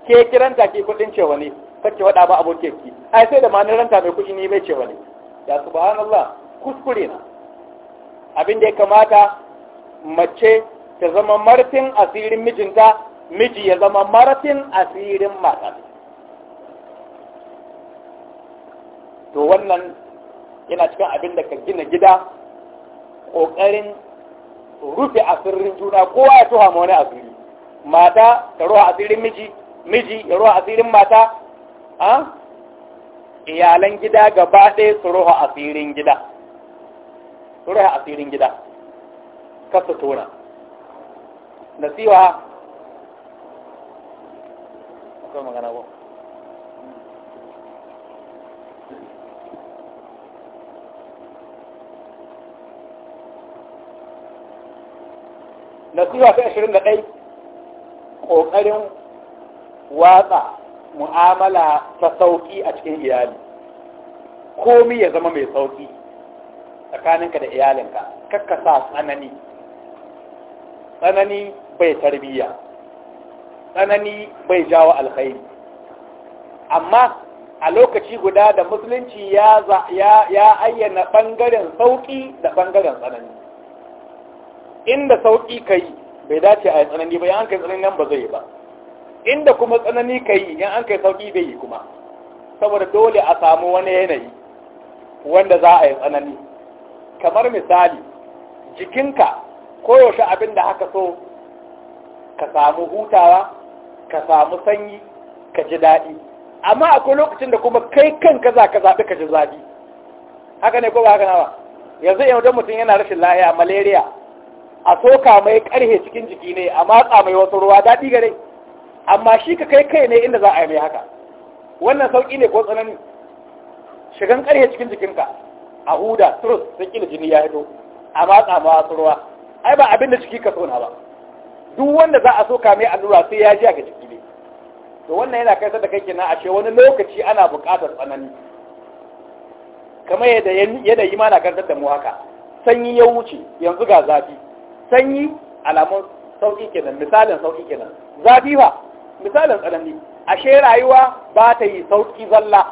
ke kiranta ke kuɗin cefa ne kake wada ba abokin ki ai sai da ma ranta mai kuɗi ne bai cefa ne ya subhanallah kuskure na abin da ya kamata mace ta zama martin asirin mijinta miji ya zama martin asirin mata to wannan yana cikin abin da ka gina gida ƙoƙarin rufe asirin juna kowa ya tuha ma wani asiri mata ta ruha asirin miji miji ya ruha asirin mata a iyalan gida gaba ɗaya su ruha asirin gida su ruha asirin gida kasa tona nasiwa akwai magana ba nasiha ta 21 ƙoƙarin watsa mu'amala ta sauƙi a cikin iyali komi ya zama mai sauƙi tsakaninka da iyalinka kakka sa tsanani tsanani bai tarbiyya tsanani bai jawo alkhairi amma a lokaci guda da musulunci ya ayyana ɓangaren sauƙi da ɓangaren tsanani inda sauƙi ka yi bai dace a tsanani ba yan an kai tsanani nan ba zai yi ba inda kuma tsanani ka yi yan an kai sauƙi bai yi kuma saboda dole a samu wani yanayi wanda za a yi tsanani kamar misali jikinka koyaushe abin da haka so ka samu hutawa ka samu sanyi ka ji daɗi amma akwai lokacin da kuma kai kanka za ka zaɓi ka ji zaɓi haka ne ko ba haka na yanzu yau don mutum yana rashin lahiya malaria a soka mai karhe cikin jiki ne a matsa mai wasu ruwa daɗi gare amma shi ka kai kai ne inda za a yi mai haka wannan sauƙi ne ko tsanani shigan karhe cikin jikinka a huda turus sai kila jini ya hito a matsa ma wasu ruwa ai ba abin da ciki ka sona ba duk wanda za a soka mai allura sai ya ji a ga jiki ne to wannan yana kai sadda kai kenan a ce wani lokaci ana buƙatar tsanani kamar yadda yanayi ma na kantar da mu haka sanyi ya wuce yanzu ga zafi sanyi alamun sauƙi kenan misalin sauƙi kenan zafi fa misalin tsanani ashe rayuwa ba ta yi sauƙi zalla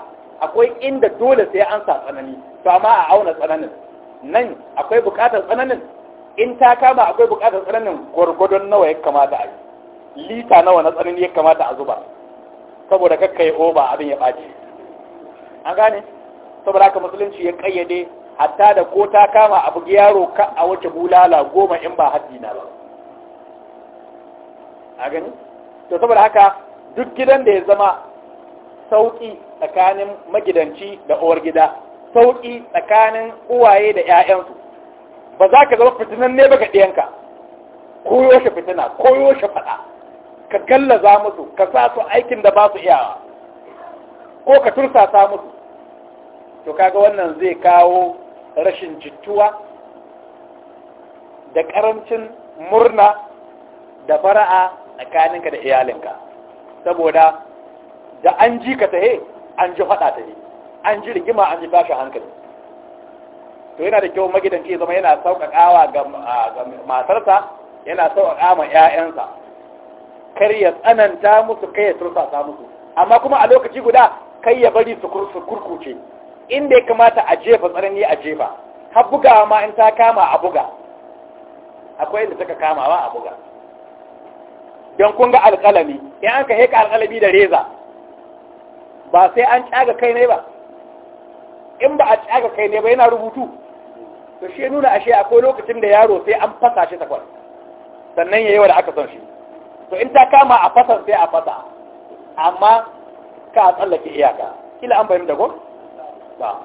akwai inda dole sai an sa tsanani to amma a auna tsananin nan akwai buƙatar tsananin in ta kama akwai buƙatar tsananin gwargwadon nawa ya kamata a yi lita nawa na tsanani ya kamata a zuba saboda kakkai oba abin ya ɓaci an gane saboda haka musulunci ya kayyade hatta da ko ta kama abu yaro ka a wace bulala goma in ba haddi ba a gani to saboda haka duk gidan da ya zama sauƙi tsakanin magidanci da uwar gida sauƙi tsakanin uwaye da 'ya'yansu ba za ka zama fitinan ne ba ka ɗiyanka koyo shi fitina shi faɗa ka gallaza musu ka sa su aikin da ba su iyawa ko ka tursasa musu to kaga wannan zai kawo rashin jituwa da karancin murna da fara'a tsakaninka da iyalinka saboda da an ji ka tahe an ji faɗa ne, an ji rigima an ji tashin hankali to yana da kyau magidan ke zama yana sauƙaƙawa ga matarsa yana sauƙaƙa ma 'ya'yansa kar ya tsananta musu kai ya tursa musu amma kuma a lokaci guda kai ya bari su kurkuce inda ya kamata a jefa tsanani a jefa har bugawa ma in ta kama a buga akwai inda suka kamawa a buga don kun ga alƙalami in an ka heka alkalami da reza ba sai an caga kai ne ba in ba a caga kai ne ba yana rubutu to shi nuna ashe akwai lokacin da yaro sai an fasa shi takwas sannan ya wa da aka son shi to in ta kama a fasa sai a fasa amma ka a tsallake iyaka kila an bayan da gwamnati ta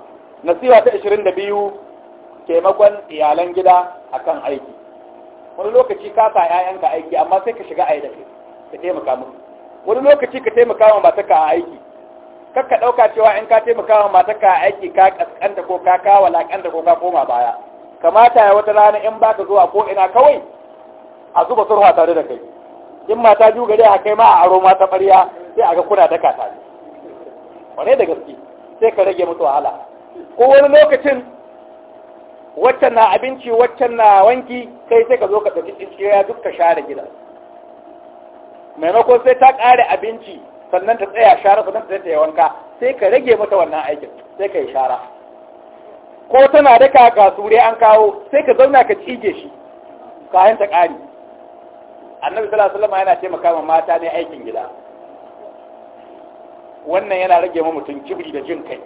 nasiha ta 22 taimakon iyalan gida akan aiki wani lokaci ka sa ka aiki amma sai ka shiga ayi da ka taimaka mu wani lokaci ka taimaka wa mata a aiki ka ɗauka cewa in ka taimaka wa mata a aiki ka kaskanta ko ka kawo laƙanta ko ka koma baya kamata ya wata rana in ba ka zuwa ko ina kawai a zuba surwa tare da kai in mata biyu gari a kai ma a aro mata ɓarya sai a ga kuna daka tare wane da gaske sai ka rage mutu wahala ko wani lokacin waccan na abinci waccan na wanki kai sai ka zo ka ɗauki tsinciya duk ka share gida maimakon sai ta ƙare abinci sannan ta tsaya share sannan ta tsaya wanka sai ka rage mata wannan aikin sai ka yi shara ko tana da ka ga sure an kawo sai ka zauna ka cige shi kayan ta ƙari annabi sallallahu alaihi wasallam yana taimaka ma mata ne aikin gida wannan yana rage ma mutum kibri da jin kai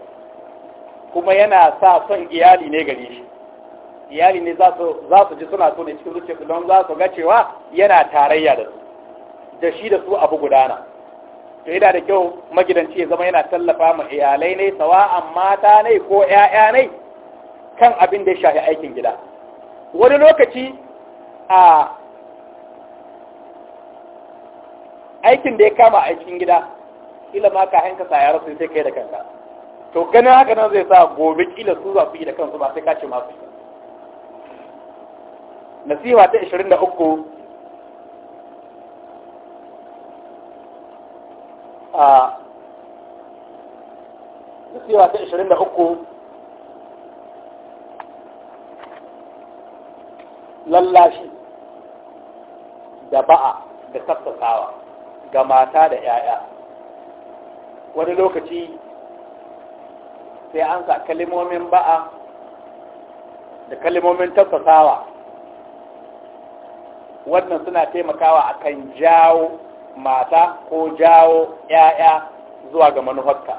kuma yana sa son iyali ne gare shi iyali ne za su ji suna so ne cikin su don za su ga cewa yana tarayya da su da shi da su abu gudana to yana da kyau magidanci ya zama yana tallafa ma iyalai ne sawa'an mata ne ko 'ya'ya ne kan abin da ya shafi aikin gida wani lokaci a aikin da ya kama a cikin gida kila ma ka hanka sa yaro sai kai da kanka to ganin haka nan zai sa gobe kila su za su yi da kansu ba sai ka ce masu yi nasiha ta 23 a nasiha ta 23 lallashi da ba'a da sassasawa ga mata da 'ya'ya wani lokaci sai an sa kalimomin ba'a da kalimomin tafasawa wannan suna taimakawa a kan jawo mata ko jawo 'ya'ya zuwa ga manufarka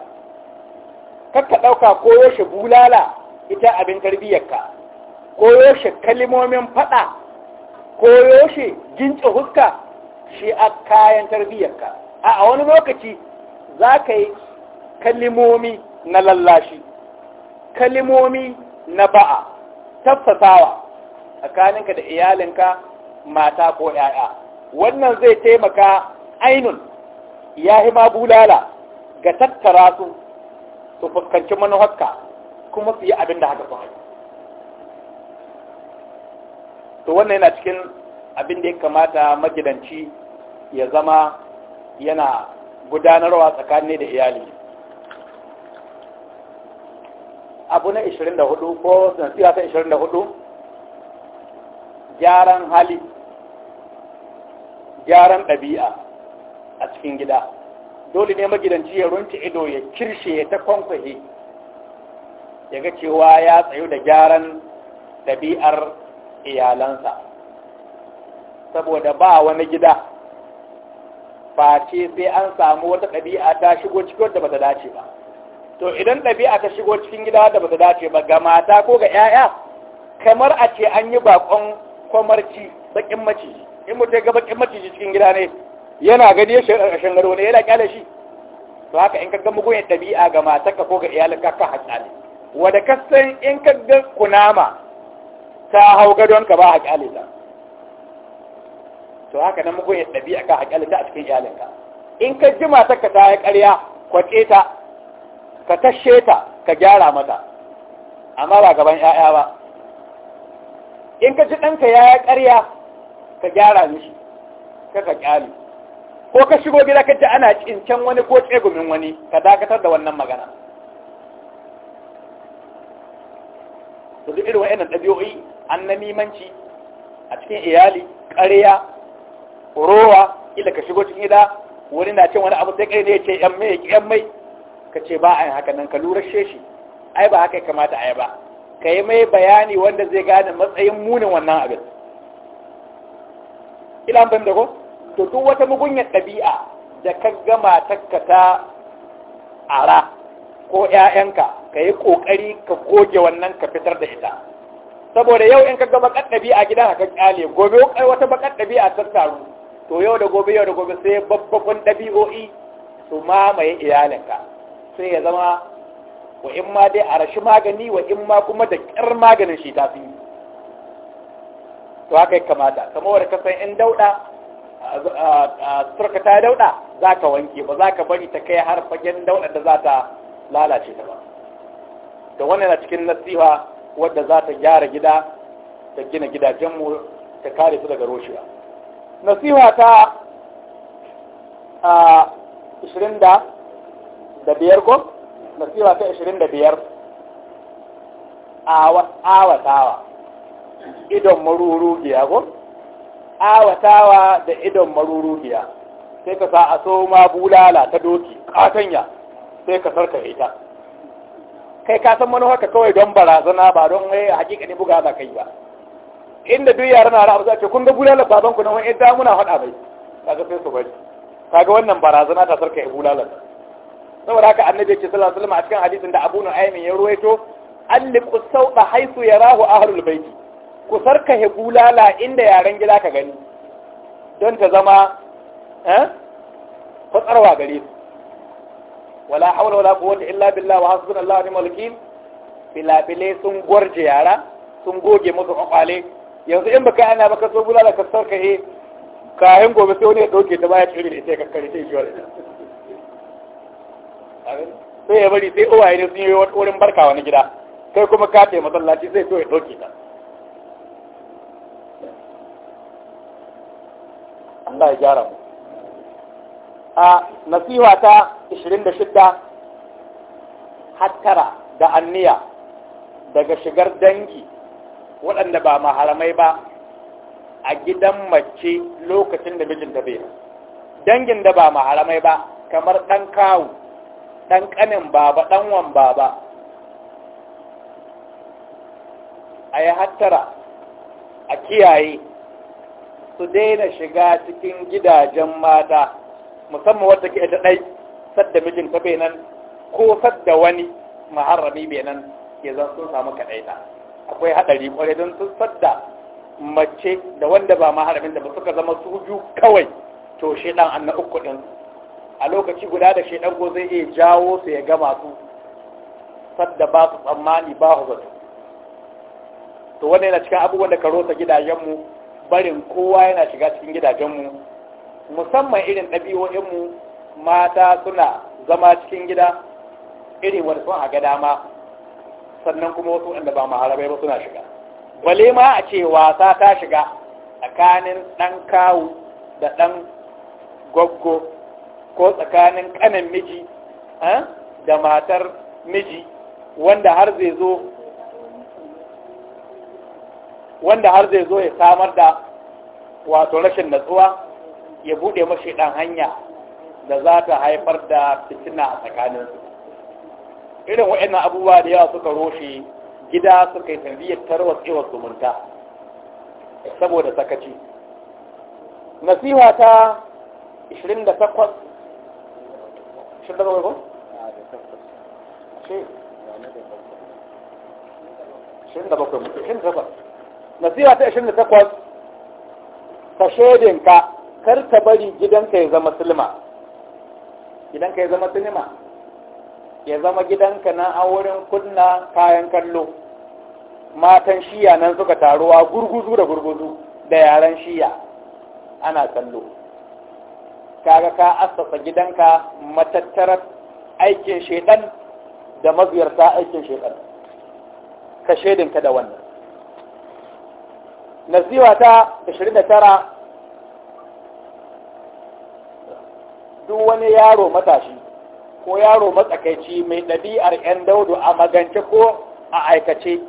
kakka ɗauka ko yoshe bulala ita abin tarbiyyarka ko yoshe kalimomin faɗa ko yoshe gince huska shi a kayan tarbiyyarka a wani lokaci za ka yi kalimomi na lallashi kalimomi na ba'a tafasawa tsakaninka da iyalinka mata ko 'ya'ya wannan zai taimaka ainun ya yi ma bulala ga tattara su su fuskanci manuwarka kuma su yi abin da haka sun to wannan yana cikin abin da ya kamata magidanci ya zama yana gudanarwa tsakanin da iyali abu na 24 ko nasiha ta 24 gyaran hali gyaran ɗabi'a a cikin gida dole ne magidanci ya runce ido ya kirshe ya ta kwankwahe ya ga cewa ya tsayu da gyaran ɗabi'ar iyalansa saboda ba wani gida face sai an samu wata ɗabi'a ta shigo cikin ba ta dace ba to idan ɗabi'a ta shigo cikin gida da bata dace ba ga mata ko ga 'ya'ya kamar a ce an yi bakon kwamarci bakin maciji in mutum ga bakin maciji cikin gida ne yana gani ya gado ne yana ƙyale shi to haka in ka ga mugun ɗabi'a ga matarka ko ga iyalinka ka haƙale wanda ka san in ka ga kunama ta hau gadon ka ba haƙale ta to haka nan mugun ɗabi'a ka hakali ta a cikin iyalinka in ka jima ta ka ta ƙarya kwace ta ka tashe ta ka gyara mata amma ba gaban 'ya'ya ba in ka ji ɗanka ya yi ƙarya ka gyara mishi ka ka ƙyale ko ka shigo gida ka ji ana cincan wani ko tsegumin wani ka dakatar da wannan magana su duk irin wa'annan ɗabi'o'i an mimanci a cikin iyali ƙarya rowa ila ka shigo cikin gida wani na cin wani abu sai kai ne ya ce yan mai yan mai ka ce ba a yin haka nan ka lura shi ai ba haka ya kamata a yi ba ka yi mai bayani wanda zai gane matsayin munin wannan abin ila ban da ko to duk wata mugunyar ɗabi'a da ka gama takkata ara ko ƴaƴanka ka yi ƙoƙari ka goge wannan ka fitar da ita saboda yau in ka ga bakar ɗabi'a gidan ka kyale gobe wata bakar ɗabi'a ta taru to yau da gobe yau da gobe sai babbabin ɗabi'o'i su mamaye iyalinka sai ya zama wa in ma dai a rashi magani wa in ma kuma da ƙyar maganin shi ta fi to haka ya kamata kama wadda san in dauɗa turka ta dauɗa za ka wanke ba za ka bari ta kai har fagen dauɗa da za ta lalace ta ba da wannan na cikin nasiha wadda za ta gyara gida ta gina gidajenmu ta kare su daga roshewa nasiha ta a 20 da biyar ko nasiha ta 25 awatawa idon marurugiya ko awatawa da idon marurugiya sai ka sa a so ma bulala ta doki katanya sai ka sarka ita kai ka san manuwa ka kawai don barazana ba don wai eh, hakika ne buga za ka yi ba inda duk yaran na abu za ce kun ga bulalar baban ku na wani idan muna faɗa bai kaga sai su bari kaga wannan barazana ta sarka bulalar saboda haka annabi ce sallallahu alaihi wasallam a cikin hadisin da Abu Nu'aym ya ruwaito alliqu sawda haythu yarahu ahlul bait ku sarka bulala inda yaran gida ka gani don ta zama eh fatsarwa gare su wala hawla wala quwwata illa billah wa hasbunallahu wa ni'mal wakeel bila bile sun gorje yara sun goge musu kwakwale yanzu in baka ana baka so da kasar ka yi, eh, kayan gobe sai wani ya dauke ta baya cire da ita ya kakkare ta jiwa sai ya bari sai uwaye ne sun yi wurin barka wani gida kai kuma ka ce masallaci sai so ya dauke ta Allah ya gyara mu a nasiha ta 26 hattara da anniya daga shigar dangi waɗanda ba maharamai ba a gidan mace lokacin da mijinta bai dangin da ba maharamai ba kamar ɗan kawu ɗan ƙanin baba ɗan wan baba a yi hattara a kiyaye su daina shiga cikin gidajen mata musamman wadda ke da ɗai sadda mijinta bai nan ko sadda wani maharami bai nan ke zan sun samu kaɗaita akwai haɗari kwarai don sun sadda mace da wanda ba maharamin da ba suka zama su biyu kawai to shaidan an na uku ɗin a lokaci guda da shaidan ko zai iya jawo su ya gama su sadda ba su tsammani ba su zato to wanda yana cikin abubuwan da ka gidajen gidajenmu barin kowa yana shiga cikin gidajenmu musamman irin ɗabi'o'inmu mata suna zama cikin gida irin wani sun a ga dama sannan kuma wasu wanda ba maharabai ba suna shiga bale ma a ce wasa ta shiga tsakanin ɗan kawu da ɗan goggo ko tsakanin ƙanan miji eh, da matar miji wanda har zai zo wanda har zai zo ya samar da wato rashin natsuwa ya buɗe mashi ɗan hanya da za ta haifar da fitina a tsakaninsu irin waɗannan abubuwa da yawa suka roshe gida suka yi sanadiyar tarwatsewar zumunta saboda sakaci nasiha ta 28 nasiha ta 28 ta shedinka kar ka bari gidanka ya zama silma gidanka ya zama silma ya zama gidanka nan a wurin kunna kayan kallo matan shiya nan suka taruwa gurguzu da gurguzu da yaren shiya ana kallo kaga ka asasa gidanka matattarar aikin shedan da maziyarta aikin shedan ka shedinka da wannan nasiwa ta 29 duk wani yaro matashi ko yaro matsakaici mai ɗabi'ar 'yan daudu a magance ko a aikace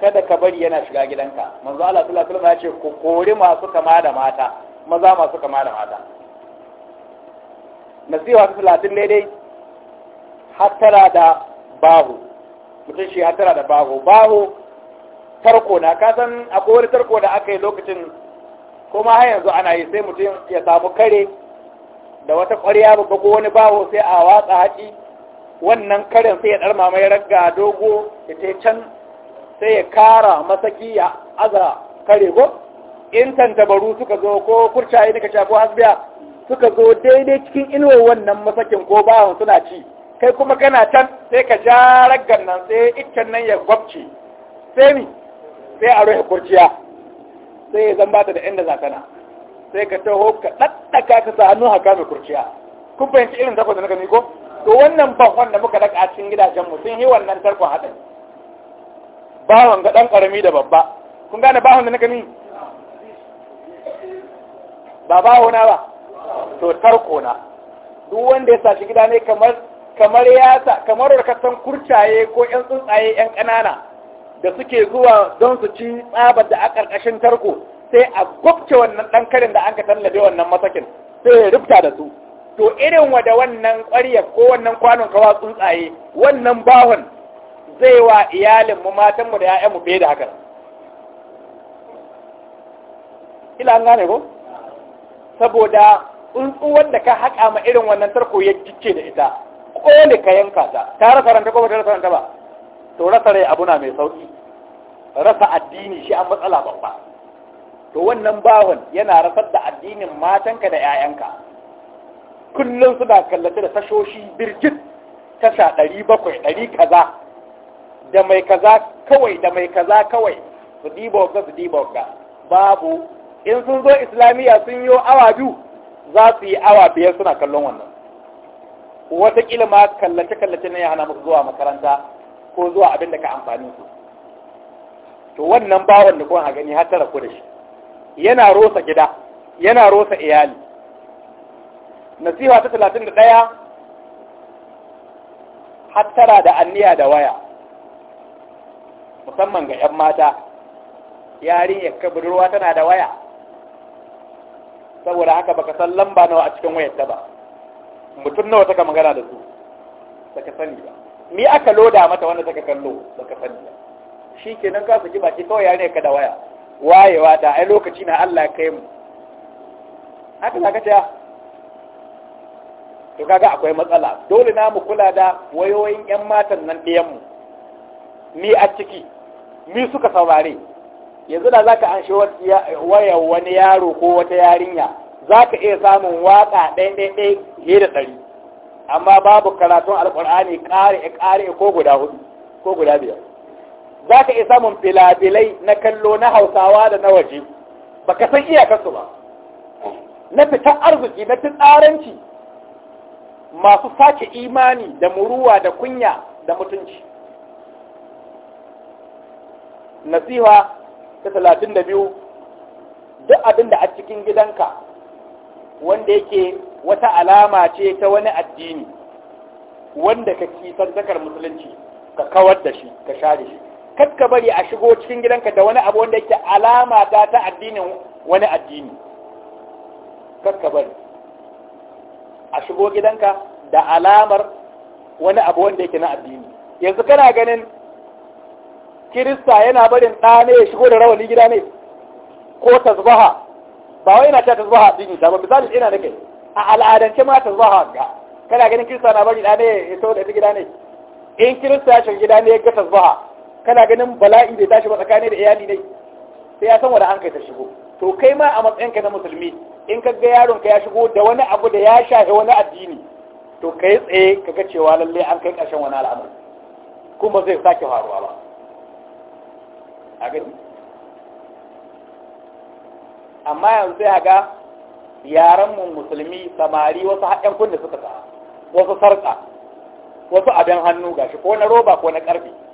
kada ka bari yana shiga gidanka manzo Allah sallallahu alaihi wasallam ya ce ku kori masu kama da mata maza masu kama da mata nasiha ta 30 ne dai hattara da bahu mutum shi hattara da bahu bahu tarko na ka san akwai wani tarko da aka yi lokacin ma har yanzu ana yi sai mutum ya samu kare da wata ƙwarya ba ko wani bawo sai a watsa haƙi wannan karen sai ya ɗarma mai ragga dogo ya ta can sai ya kara masaki ya aza kare ko in tantabaru suka zo ko kurcaye da shafi hasbiya suka zo daidai cikin inuwa wannan masakin ko bawon suna ci kai kuma kana can sai ka ja raggan nan sai iccen nan ya gwabce sai ni sai a rufe kurciya sai ya zan ta da inda zakana sai ka taho ka ɗaɗɗaka ka sa hannu haka mai kurciya kun fahimci irin tarkon da na gani ko to wannan bahon da muka daka a cikin gidajenmu sun yi wannan tarkon haɗin bahon ga ɗan ƙarami da babba kun gane bahon da na gani ba baho na ba to tarko na duk wanda ya sa shi gida ne kamar kamar ya sa kamar da kasan ko ƴan tsuntsaye ƴan ƙanana da suke zuwa don su ci tsabar da a ƙarƙashin tarko sai a gwabce wannan ɗan karin da an ka tallabe wannan masakin sai ya rubuta da su to irin wada wannan ƙwaryar ko wannan kwanon kawa tsuntsaye wannan bahon zai wa iyalinmu matanmu da 'ya'yanmu fiye da haka ila an gane ko saboda tsuntsu wanda ka haƙa ma irin wannan tarko ya gice da ita ƙone ka yanka ta ta rasa ranta ko ba ta rasa ranta ba to rasa rai abu na mai sauƙi rasa addini shi an matsala babba to wannan bawan yana rasar da addinin matanka da 'ya'yanka kullum suna kallace da tashoshi birgit tasha ɗari bakwai ɗari kaza da mai kaza kawai da mai kaza kawai su diba wagga su diba wagga babu in sun zo islamiyya sun yi awa biyu za su yi awa biyar suna kallon wannan watakila ma kallace-kallace na yana musu zuwa makaranta ko zuwa abin da ka amfani su to wannan bawon da kuma a gani har tara ku da shi yana rosa gida yana rosa iyali nasiha ta talatin da ɗaya, hattara da anniya da waya musamman ga 'yan mata yarinyar budurwa tana da waya saboda haka baka san lamba nawa a cikin wayar ta ba mutum nawa taka magana da su ka sani ba ni aka loda mata wanda ka kallo Ba ka sani ba shi kenan ka su ji baki kawai yarinyar ka da waya wayewa da ai lokaci na Allah ya kai mu haka za ka to kaga akwai matsala dole na mu kula da wayoyin 'yan matan nan ɗiyanmu ni a ciki ni suka saurare yanzu da za ka an shi waya wani yaro ko wata yarinya za ka iya samun waka ɗaiɗaiɗai fiye da ɗari amma babu karatun alƙur'ani ƙare ko guda hudu ko guda biyar za ka iya samun filafilai na kallo na hausawa da na waje ba ka san iya kasu ba na fitar arziki na tsaranci masu sake imani da muruwa da kunya da mutunci nasiha ta talatin da biyu duk abin da a cikin gidanka wanda yake wata alama ce ta wani addini wanda ka kisan zakar musulunci ka kawar da shi ka share shi kakka bari a shigo cikin gidanka da wani abu wanda yake alama ta ta addinin wani addini kakka bari a shigo gidanka da alamar wani abu wanda yake na addini yanzu kana ganin kirista yana barin ɗa ne ya shigo da rawani gida ne ko tasbaha ba wai yana ta tasbaha addini ta ba misali ina nake a al'adance ma tasbaha ga kana ganin kirista na bari ɗa ne ya shigo da gida ne in kirista ya shiga gida ne ya ga tasbaha kana ganin bala'i bai tashi ba tsakani da iyali ne sai ya san wani an kai ta shigo to kai ma a matsayinka na musulmi in ka ga yaron ka ya shigo da wani abu da ya shafi wani addini to kai tsaye ka ga cewa lalle an kai ƙarshen wani al'amur kuma zai sake faruwa ba a gani amma yanzu sai ga yaran mu musulmi samari wasu haɗin kunna suka sa wasu sarƙa wasu abin hannu gashi ko na roba ko na ƙarfe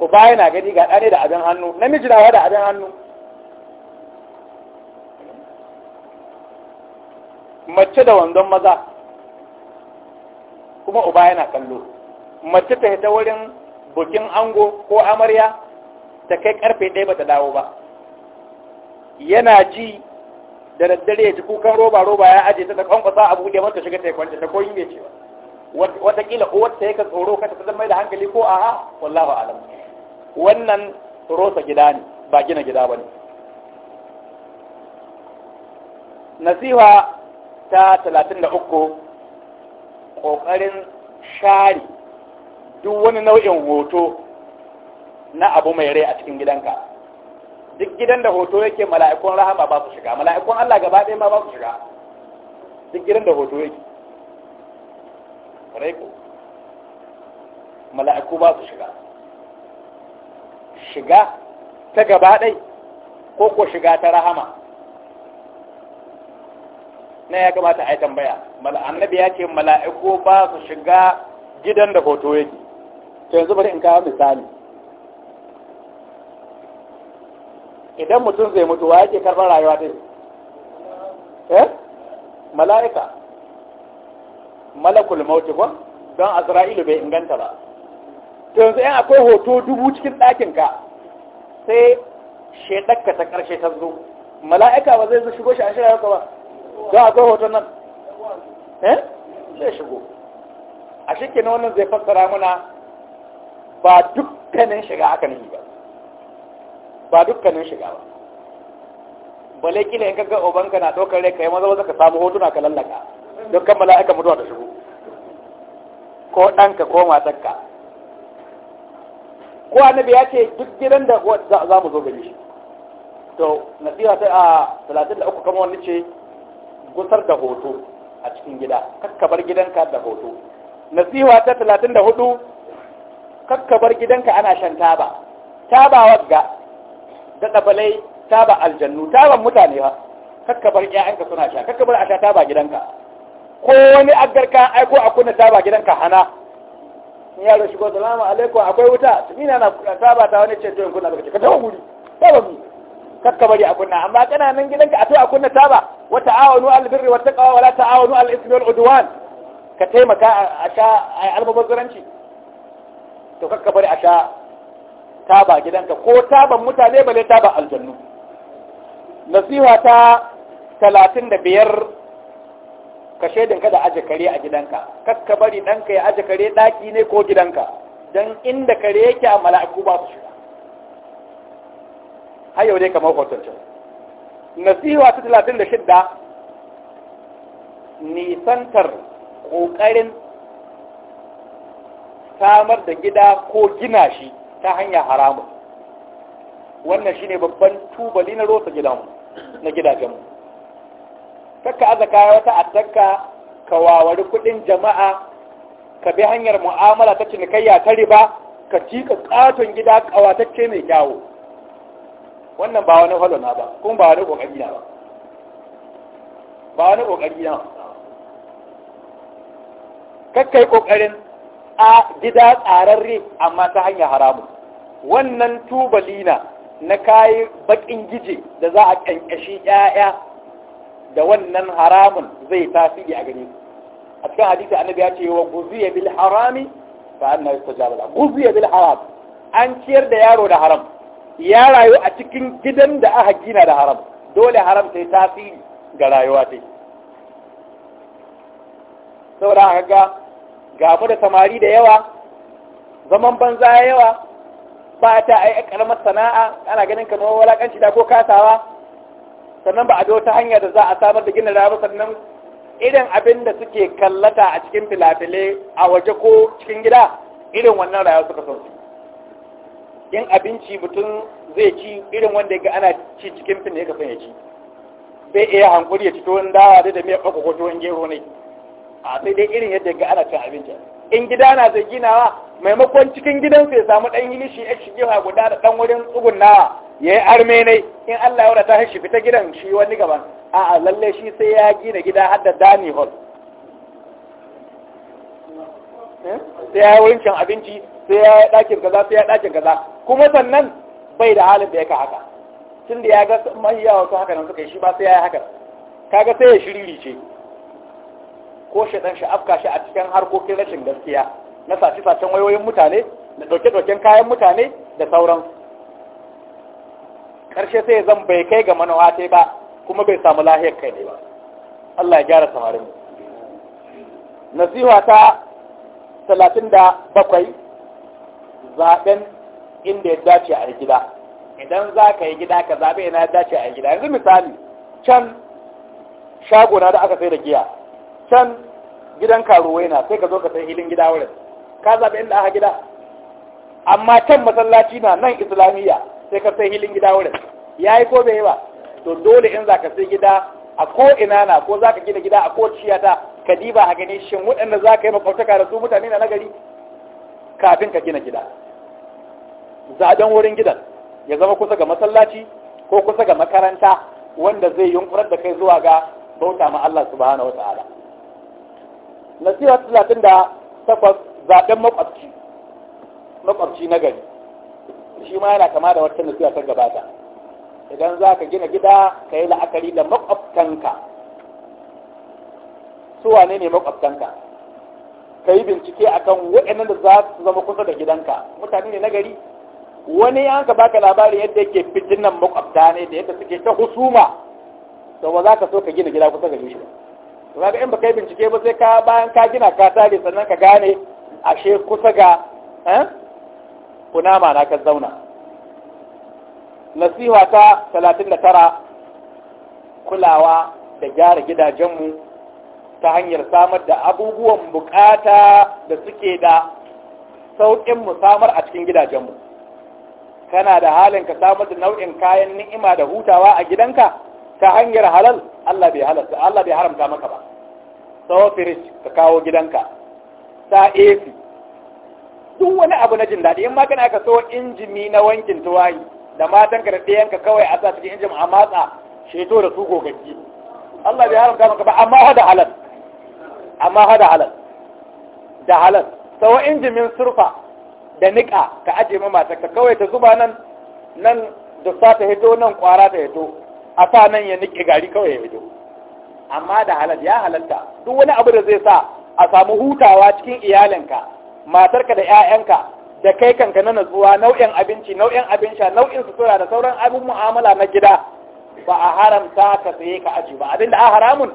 uba yana gani ga ɗane da abin hannu namiji na da abin hannu mace da wandon maza kuma uba yana kallo mace ta hita wurin bukin ango ko amarya ta kai karfe ɗaya ba ta dawo ba yana ji da daddare ya ji kukan roba roba ya aje ta da kwankwasa a buɗe mata shiga ta yi kwanta ta koyi ne cewa watakila wata ya ka tsoro ka ta zama da hankali ko a'a wallahu alam wannan rosa gida ne ba gina gida ba ne nasiha ta 33 ƙoƙarin share duk wani nau'in hoto na abu mai rai a cikin gidanka duk gidan da hoto yake mala'ikun rahama ba su shiga mala'ikun Allah gaba ɗaya ma ba su shiga duk gidan da hoto yake rai ko mala'iku ba su shiga shiga ta gaba ɗai ko ko shiga ta rahama na ya kamata a yi tambaya annabi ya ce mala'iku ba su shiga gidan da hoto yake to yanzu bari in kawo misali idan mutum zai mutu wa yake karɓar rayuwa dai eh mala'ika malakul mauti ko don azra'ilu bai inganta ba to yanzu yan akwai hoto dubu cikin ɗakinka sai shaidarka ta ƙarshe ta zo mala'ika ba zai zai shigo shi a shirya ka ba don akwai hoto nan eh zai shigo a shi kenan wannan zai fassara mana ba dukkanin shiga aka nufi ba ba dukkanin shiga ba bale kila yin kaga obanka na ɗaukar rai ka yi maza maza ka samu hotuna ka lallaka don kan mala'ika mutuwa ta shigo ko ɗanka ko matakka ko annabi ya ce duk gidan da za mu zo gani shi to nasiha ta a 33 kamar wani ce gusar da hoto a cikin gida kakkabar gidanka da hoto nasiha ta 34 kakkabar gidanka ana shan taba taba wagga da dabalai taba aljannu taba mutane ba kakkabar ƴaƴanka suna sha kakkabar a sha taba gidanka ko wani aggarka aiko a kunna taba gidanka hana in yaro shigo salamu alaikum akwai wuta tumina na saba ta wani ce to daga kunna lokaci ka tawo guri babu mu kakka bari a kunna amma kananan gidanka a to a kunna taba wa ta'awanu al birri wat taqwa wa la ta'awanu al ismi wal udwan ka taimaka a sha ai almubazzaranci to kakka bari a sha taba gidanka ko taba mutane bale taba aljannu nasiha ta 35 ka shaidan kada aje kare a gidanka kakka bari ɗanka ya aje kare daki ne ko gidanka don inda kare yake a mala'iku ba su shiga har yau dai kamar nasiha ta talatin da shidda nisantar ƙoƙarin samar da gida ko gina shi ta hanya haramun wannan shine babban tubali na rosa gidanmu na gidajenmu kakka aza kaya wata attakka ka wawari kudin jama'a ka bi hanyar mu'amala ta cinikayya ta riba ka cika katon gida kawatacce mai kyawu wannan ba wani falo na ba kuma ba wani kokari na ba ba wani kokari na kakkai kokarin a gida tsararre amma ta hanyar haramun wannan tubalina na kayi bakin gije da za a kankashi 'ya'ya da wannan haramun zai tasiri a gare a cikin hadisi annabi ya ce wa guziya bil harami fa anna yustajaba la guziya bil haram an ciyar da yaro da haram ya rayu a cikin gidan da aka gina da haram dole haram sai tasiri ga rayuwa sai. saboda haka ga gamu da samari da yawa zaman banza yawa ba ta ai karamar sana'a ana ganin kamar walakanci da ko kasawa sannan ba a bi wata hanya da za a samar da gina ba sannan irin abin da suke kallata a cikin filafile a waje ko cikin gida irin wannan rayuwa suka son su yin abinci mutum zai ci irin wanda ya ga ana ci cikin fina ya kasan ya ci bai iya hankuri ya ci tuwon dawa da da mai ɓaka ko tuwon gero ne a sai dai irin yadda ga ana cin abinci in gida na zai ginawa maimakon cikin gidan ya samu ɗan yilishi ya shige ha guda da ɗan wurin tsugunnawa ya yi armenai in Allah ya wadata shi fita gidan shi wani gaban a'a lalle shi sai ya gina gida har da dani hall eh? sai ya yi wurin cin abinci sai ya yi ɗakin sai ya ɗakin gaza. kuma sannan bai da halin da ya ka haka tun da ya ga mahiya wasu haka nan suka yi shi ba sai ya yi haka kaga sai ya shiriri ce ko shaidan shi afka shi a cikin harkokin rashin gaskiya na sace-sacen wayoyin mutane da ɗauke-ɗauken kayan mutane da sauran ƙarshe sai ya zan bai kai ga manawa ta ba kuma bai samu lahiyar kai ne ba Allah ya gyara samarin nasiha ta talatin da bakwai zaɓen inda ya dace a gida idan za ka yi gida ka zaɓe na ya dace a gida yanzu misali can shago na da aka sai da giya can gidan karuwai na sai ka zo ka sai hilin gida wurin ka zaɓi inda aka gida amma can masallaci na nan islamiyya sai ka sai hilin gida wurin ya yi ko bai yi ba to dole in za ka sai gida a ko ina na ko za ka gina gida a ko ciyata ka diba a gani shin waɗanda za ka yi makwautaka da su mutane na nagari kafin ka gina gida zaɓen wurin gidan ya zama kusa ga masallaci ko kusa ga makaranta wanda zai yunkurar da kai zuwa ga bauta ma Allah subhanahu wa ta'ala nasiha talatin da takwas zaɓen makwabci makwabci na gari shi ma yana kama da wata nasiha ta gabata idan za ka gina gida ka yi la'akari da makwabtanka su wane ne makwabtanka ka yi bincike akan waɗannan da za su zama kusa da gidanka mutane ne na gari wani an ka baka labarin yadda yake fitinan makwabta ne da yadda suke ta husuma to ba za ka so ka gina gida kusa da shi to kaga in baka yi bincike ba sai ka bayan ka gina ka tare sannan ka gane ashe kusa ga eh kunama na ka zauna nasiha ta 39 kulawa da gyara gidajenmu ta hanyar samar da abubuwan bukata da suke da sauƙin mu samar a cikin gidajenmu kana da halin ka samar da nau'in kayan ni'ima da hutawa a gidanka ta hanyar halal Allah bai haramta maka ba sawa firij ka kawo gidanka sa ac duk wani abu na jin daɗi in ma kana ka so injimi na wankin tuwayi da matan ka da ɗayanka kawai a sa cikin injin a matsa sheto da su gogaggi Allah bai haramta maka ba amma hada halal amma hada halal da halal sawa injimin surfa da niƙa ka aje ma matar ka kawai ta zuba nan nan da sa ta hito nan kwara ta hito a sa nan ya niƙe gari kawai ya hito amma da halal ya halalta duk wani abu da zai sa a samu hutawa cikin iyalinka matarka da 'ya'yanka da kai kanka na natsuwa nau'in abinci nau'in abin sha nau'in sutura da sauran abin mu'amala na gida ba a haramta ka saye ka aji ba abinda a haramun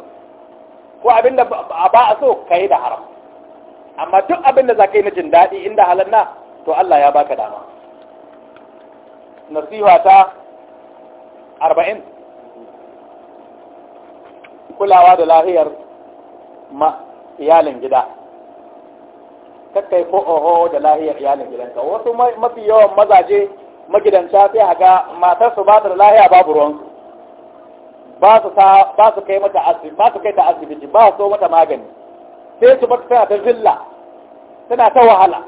ko abinda ba a so ka yi da haram amma duk abinda za ka yi na jin daɗi inda halal na to Allah ya baka dama nasiha ta arba'in kulawa da lahiyar ma iyalin gida kakai ko oho da lahiyar iyalin gidanka wasu mafi yawan mazaje magidanta sai a ga matarsu ba ta da lahiya babu ruwansu ba su kai mata asibiti ba su kai ta asibiti ba su mata magani sai su bata tana ta zilla tana ta wahala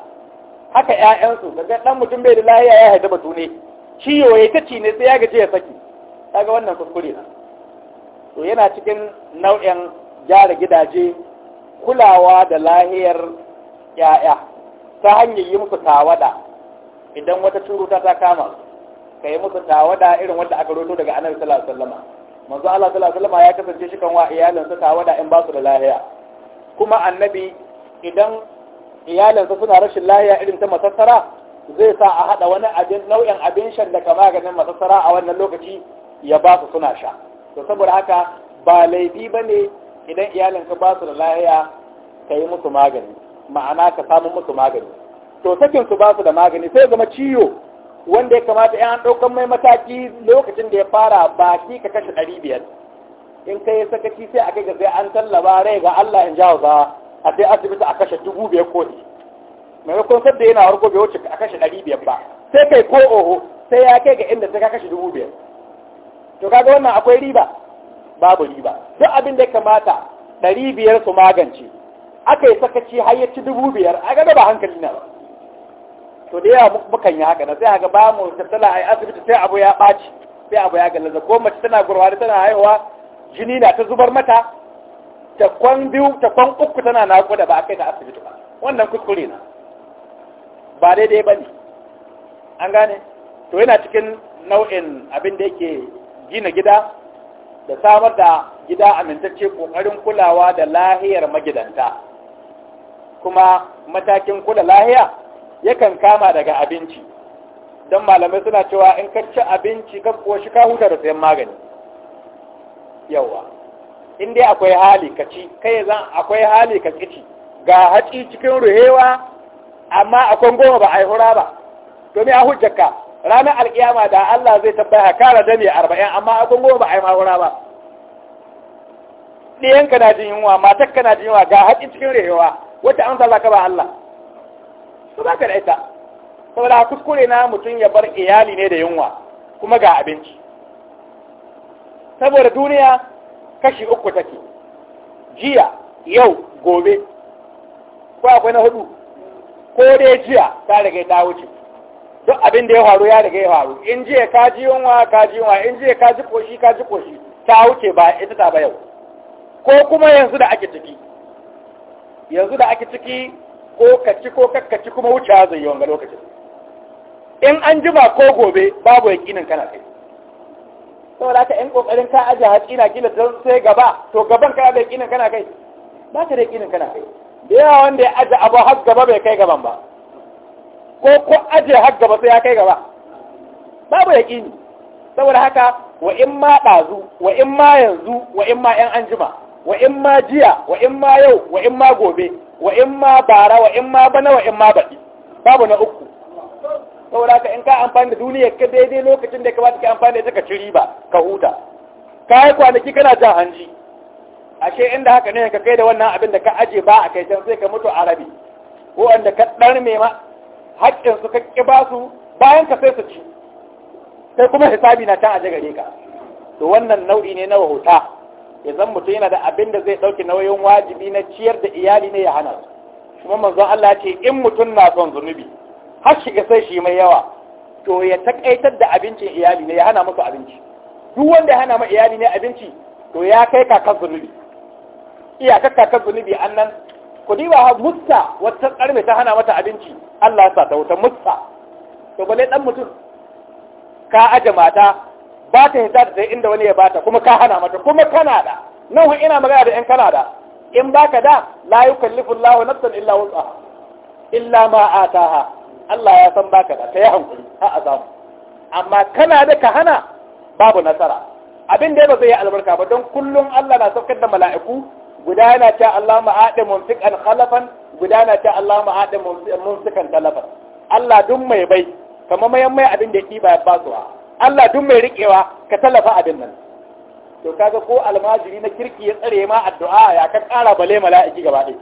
haka ƴaƴansu daga dan mutum bai da lahiya ya haifa batu ne ciwo ta ci ne sai ya gaje ya saki kaga wannan kuskure na to yana cikin nau'in gyara gidaje kulawa da lahiyar ya'ya ta hanyar yi musu tawada idan wata turuta ta kama ka yi musu tawada irin wanda aka roto daga annabi sallallahu sallama manzo Allah sallallahu alaihi wasallam ya kasance shi kan wa sa tawada in ba su da lahiya kuma annabi idan sa suna rashin lahiya irin ta masassara zai sa a hada wani abin nau'in abin shan da kama ganin masassara a wannan lokaci ya ba su suna sha to saboda haka ba laifi ba ne idan iyalinka ba su da lahiya ka yi musu magani ma'ana ka samu musu magani to sakin su ba su da magani sai zama ciwo wanda ya kamata yan ɗaukan mai mataki lokacin da ya fara baki ka kashe ɗari biyar in ka yi sakaci sai a kai ga sai an tallaba rai ga Allah in jawo ba a sai asibiti a kashe dubu biyar kodi maimakon sadda yana harko bai wuce a kashe ɗari biyar ba sai kai ko oho sai ya kai ga inda sai ka kashe dubu biyar to kaga wannan akwai riba babu riba duk abin da kamata ɗari biyar su magance aka yi sakaci har ya ci dubu biyar a gaba ba hankali na ba to da yawa mukan yi haka na sai haka ba mu tattala a asibiti sai abu ya ɓaci sai abu ya gallaza ko mace tana da tana haihuwa jini na ta zubar mata ta kwan biyu ta kwan uku tana naƙuda ba a kai ta asibiti ba wannan kuskure na ba daidai ba ne an gane to yana cikin nau'in abin da yake gina gida da samar da gida amintacce ƙoƙarin kulawa da lahiyar magidanta kuma matakin kula lahiya yakan kama daga abinci don malamai suna cewa in ka abinci ka koshi ka huta da sayan magani yawa in dai akwai hali ka ci kai zan akwai hali ka ci ga haci cikin ruhewa amma akwai goma ba a yi hura ba domin a hujjaka ranar alkiyama da Allah zai tabbaya kara da dame arba'in amma abin goma ba a yi ma'aura ba ɗiyanka na jin yunwa matakka na jin yunwa ga haƙin cikin rayuwa wata amsa za ka ba Allah su za ka da ita saboda kuskure na mutum ya bar iyali ne da yunwa kuma ga abinci saboda duniya kashi uku take jiya yau gobe ko akwai na hudu ko dai jiya ta riga ta wuce duk abin da ya faru ya riga ya faru in jiya ka ji yunwa ka ji yunwa in jiya ka ji koshi ka ji koshi ta wuce ba ita ta ba yau ko kuma yanzu da ake ciki yanzu da ake ciki ko ka ci ko kakkaci kuma wuce zai yi wanga lokacin in an jima ko gobe babu yakinin kana kai saboda ka yan kokarin ka aje haƙi na kila don sai gaba to gaban ka da yakinin kana kai ba ka da yakinin kana kai da yawa wanda ya aje abu har gaba bai kai gaban ba ko ko aje har gaba sai ya kai gaba babu yaqini saboda haka wa in ma dazu wa in ma yanzu wa in ma yan anjima wa in ma jiya wa in ma yau wa in ma gobe wa in ma bara wa in ma bana wa in ma baki babu na uku saboda haka in ka amfani da duniyar ka daidai lokacin da ya ta ka amfani da ita ka ci riba ka huta ka yi kwanaki kana jan hanji ashe inda haka ne ka kai da wannan abin da ka aje ba a kai can sai ka mutu a rabi ko wanda ka dar mai ma Haƙƙinsu ka ƙi ba su bayan ka sai su ci sai kuma hisabi na can aje gare ka to wannan nau'i ne na wauta Idan mutum yana da abin da zai ɗauki nauyin wajibi na ciyar da iyali ne ya hana su kuma manzon Allah ce in mutum na son zunubi har shiga sai shi mai yawa to ya takaitar da abincin iyali ne ya hana musu abinci duk wanda ya hana ma iyali ne abinci to ya kai kakan zunubi iyakar kakan zunubi annan ku diba ha mutta wata karbe ta hana mata abinci Allah ya sa ta wuta mutta to bale dan mutum ka aje mata ba ta hita da inda wani ya bata kuma ka hana mata kuma kana da nan ina magana da yan kana da in baka da la yukallifu Allahu nafsan illa wus'aha illa ma ataha Allah ya san baka da kai hankali a azamu amma kana da ka hana babu nasara abin da ba zai yi albarka ba don kullum Allah na saukar da mala'iku guda na ta Allah ma'aɗe mumfikan khalafan guda na ta Allah ma'aɗe mumfikan talafan Allah duk mai bai kamar mayan mai abin da ya ya basuwa Allah duk mai riƙewa ka talafa abin nan to kaga ko almajiri na kirki ya tsare ma addu'a ya ka ƙara bale mala'iki gaba ɗaya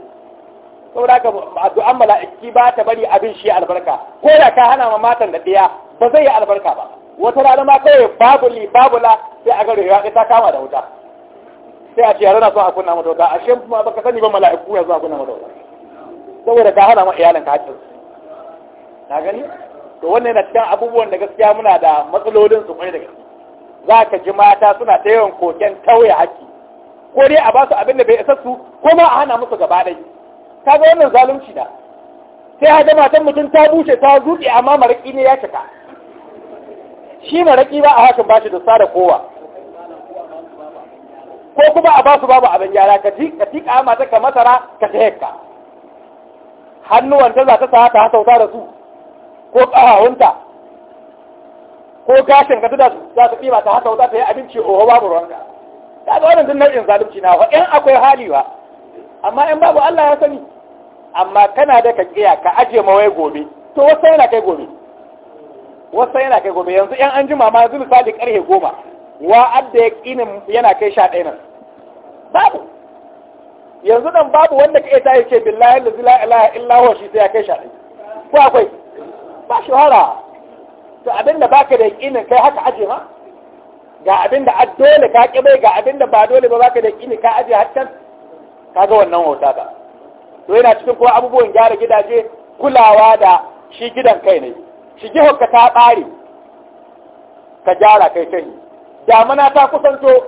saboda ka addu'an mala'iki ba ta bari abin shi albarka ko da ka hana ma matan da ɗaya ba zai yi albarka ba wata rana ma kawai babu li sai a ga rayuwa ta kama da wuta sai a ce yaro na so a kunna madauka a shi kuma baka sani ba mala'iku ya zo a kunna madauka saboda ka hana ma iyalan ka hakkin na gani to wannan yana cikin abubuwan da gaskiya muna da matsalolin su kwai da gaske za ka ji mata suna ta yawan koken tauye haƙƙi ko dai a ba su abin da bai isa su ko ma a hana musu gaba ɗaya ka ga wannan zalunci da sai haɗa matan mutum ta bushe ta zuƙe amma maraƙi ne ya cika shi maraƙi ba a hakan ba shi da sa da kowa ko kuma a ba su babu abin gyara ka tika mata ka masara ka ta hannuwan ta za ta sa ta hasauta da su ko ƙahahunta ko gashin ka da su za ta fi ta hasauta ta yi abinci oho babu ruwanka ta ga wannan nau'in zalunci na in akwai hali ba amma in babu Allah ya sani amma kana da ka kiya ka aje mawai gobe to wasu yana kai gobe wasu yana kai gobe yanzu yan an jima ma yanzu misali karhe goma wa adda ya ƙi yana kai sha ɗaya nan babu yanzu nan babu wanda ka ita ya ce billahi da zila ilaha illawar shi sai ya kai sha ɗaya ko akwai ba shahara to abin da baka da ƙinin kai haka aje ma ga abin da dole ka ƙi bai ga abin da ba dole ba baka da ƙinin ka aje hatta ga wannan wauta ba to yana cikin kuma abubuwan gyara gidaje kulawa da shi gidan kai ne gihon ka ta ɓare ka gyara kai kai damana ta kusanto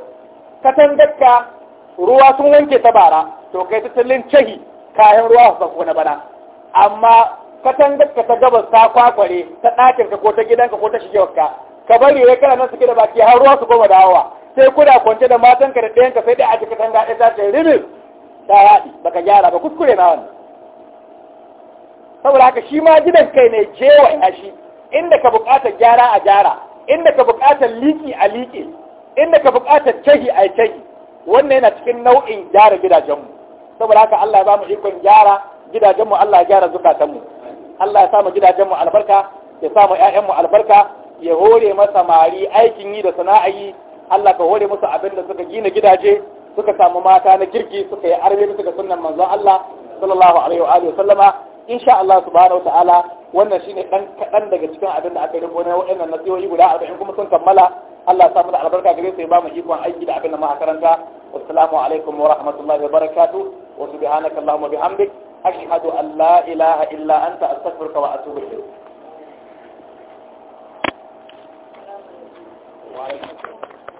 katangarka ruwa sun wanke ta bara to kai tattalin cahi kayan ruwa su na bana amma katangarka ta gabas ta kwakware ta ɗakinka ko ta gidanka ko ta shigewarka ka bari ya kana nan suke da baki har ruwa su goma dawowa sai kuna kwance da matanka da ɗayanka sai dai a cikin tanga ɗaya ta rimin ta yaɗi baka gyara ba kuskure na wannan saboda haka shi ma gidan kai ne jewa ya shi inda ka buƙatar gyara a gyara inda ka buƙatar liki a liƙe inda ka buƙatar tahi a tahi wannan yana cikin nau'in gyara gidajenmu saboda haka Allah ya ba mu ikon gyara gidajenmu Allah ya gyara zukatanmu Allah ya samu gidajenmu albarka ya samu ƴaƴanmu albarka ya hore masa mari aikin yi da sana'a yi Allah ka hore musu abin da suka gina gidaje suka samu mata na kirki suka yi arbe bisa sunan sunnan manzon Allah sallallahu alaihi wa alihi sallama insha Allah subhanahu ta'ala wannan shine dan kadan daga cikin abin da aka yi rubuta waɗannan nasihohi guda 40 kuma sun kammala Allah samu da albarka gare sai ba mu ikon aiki da abin da muka karanta assalamu alaikum wa rahmatullahi wa barakatuh wa subhanaka allahumma bihamdik ashhadu an la ilaha illa anta astaghfiruka wa atubu ilayk wa alaikum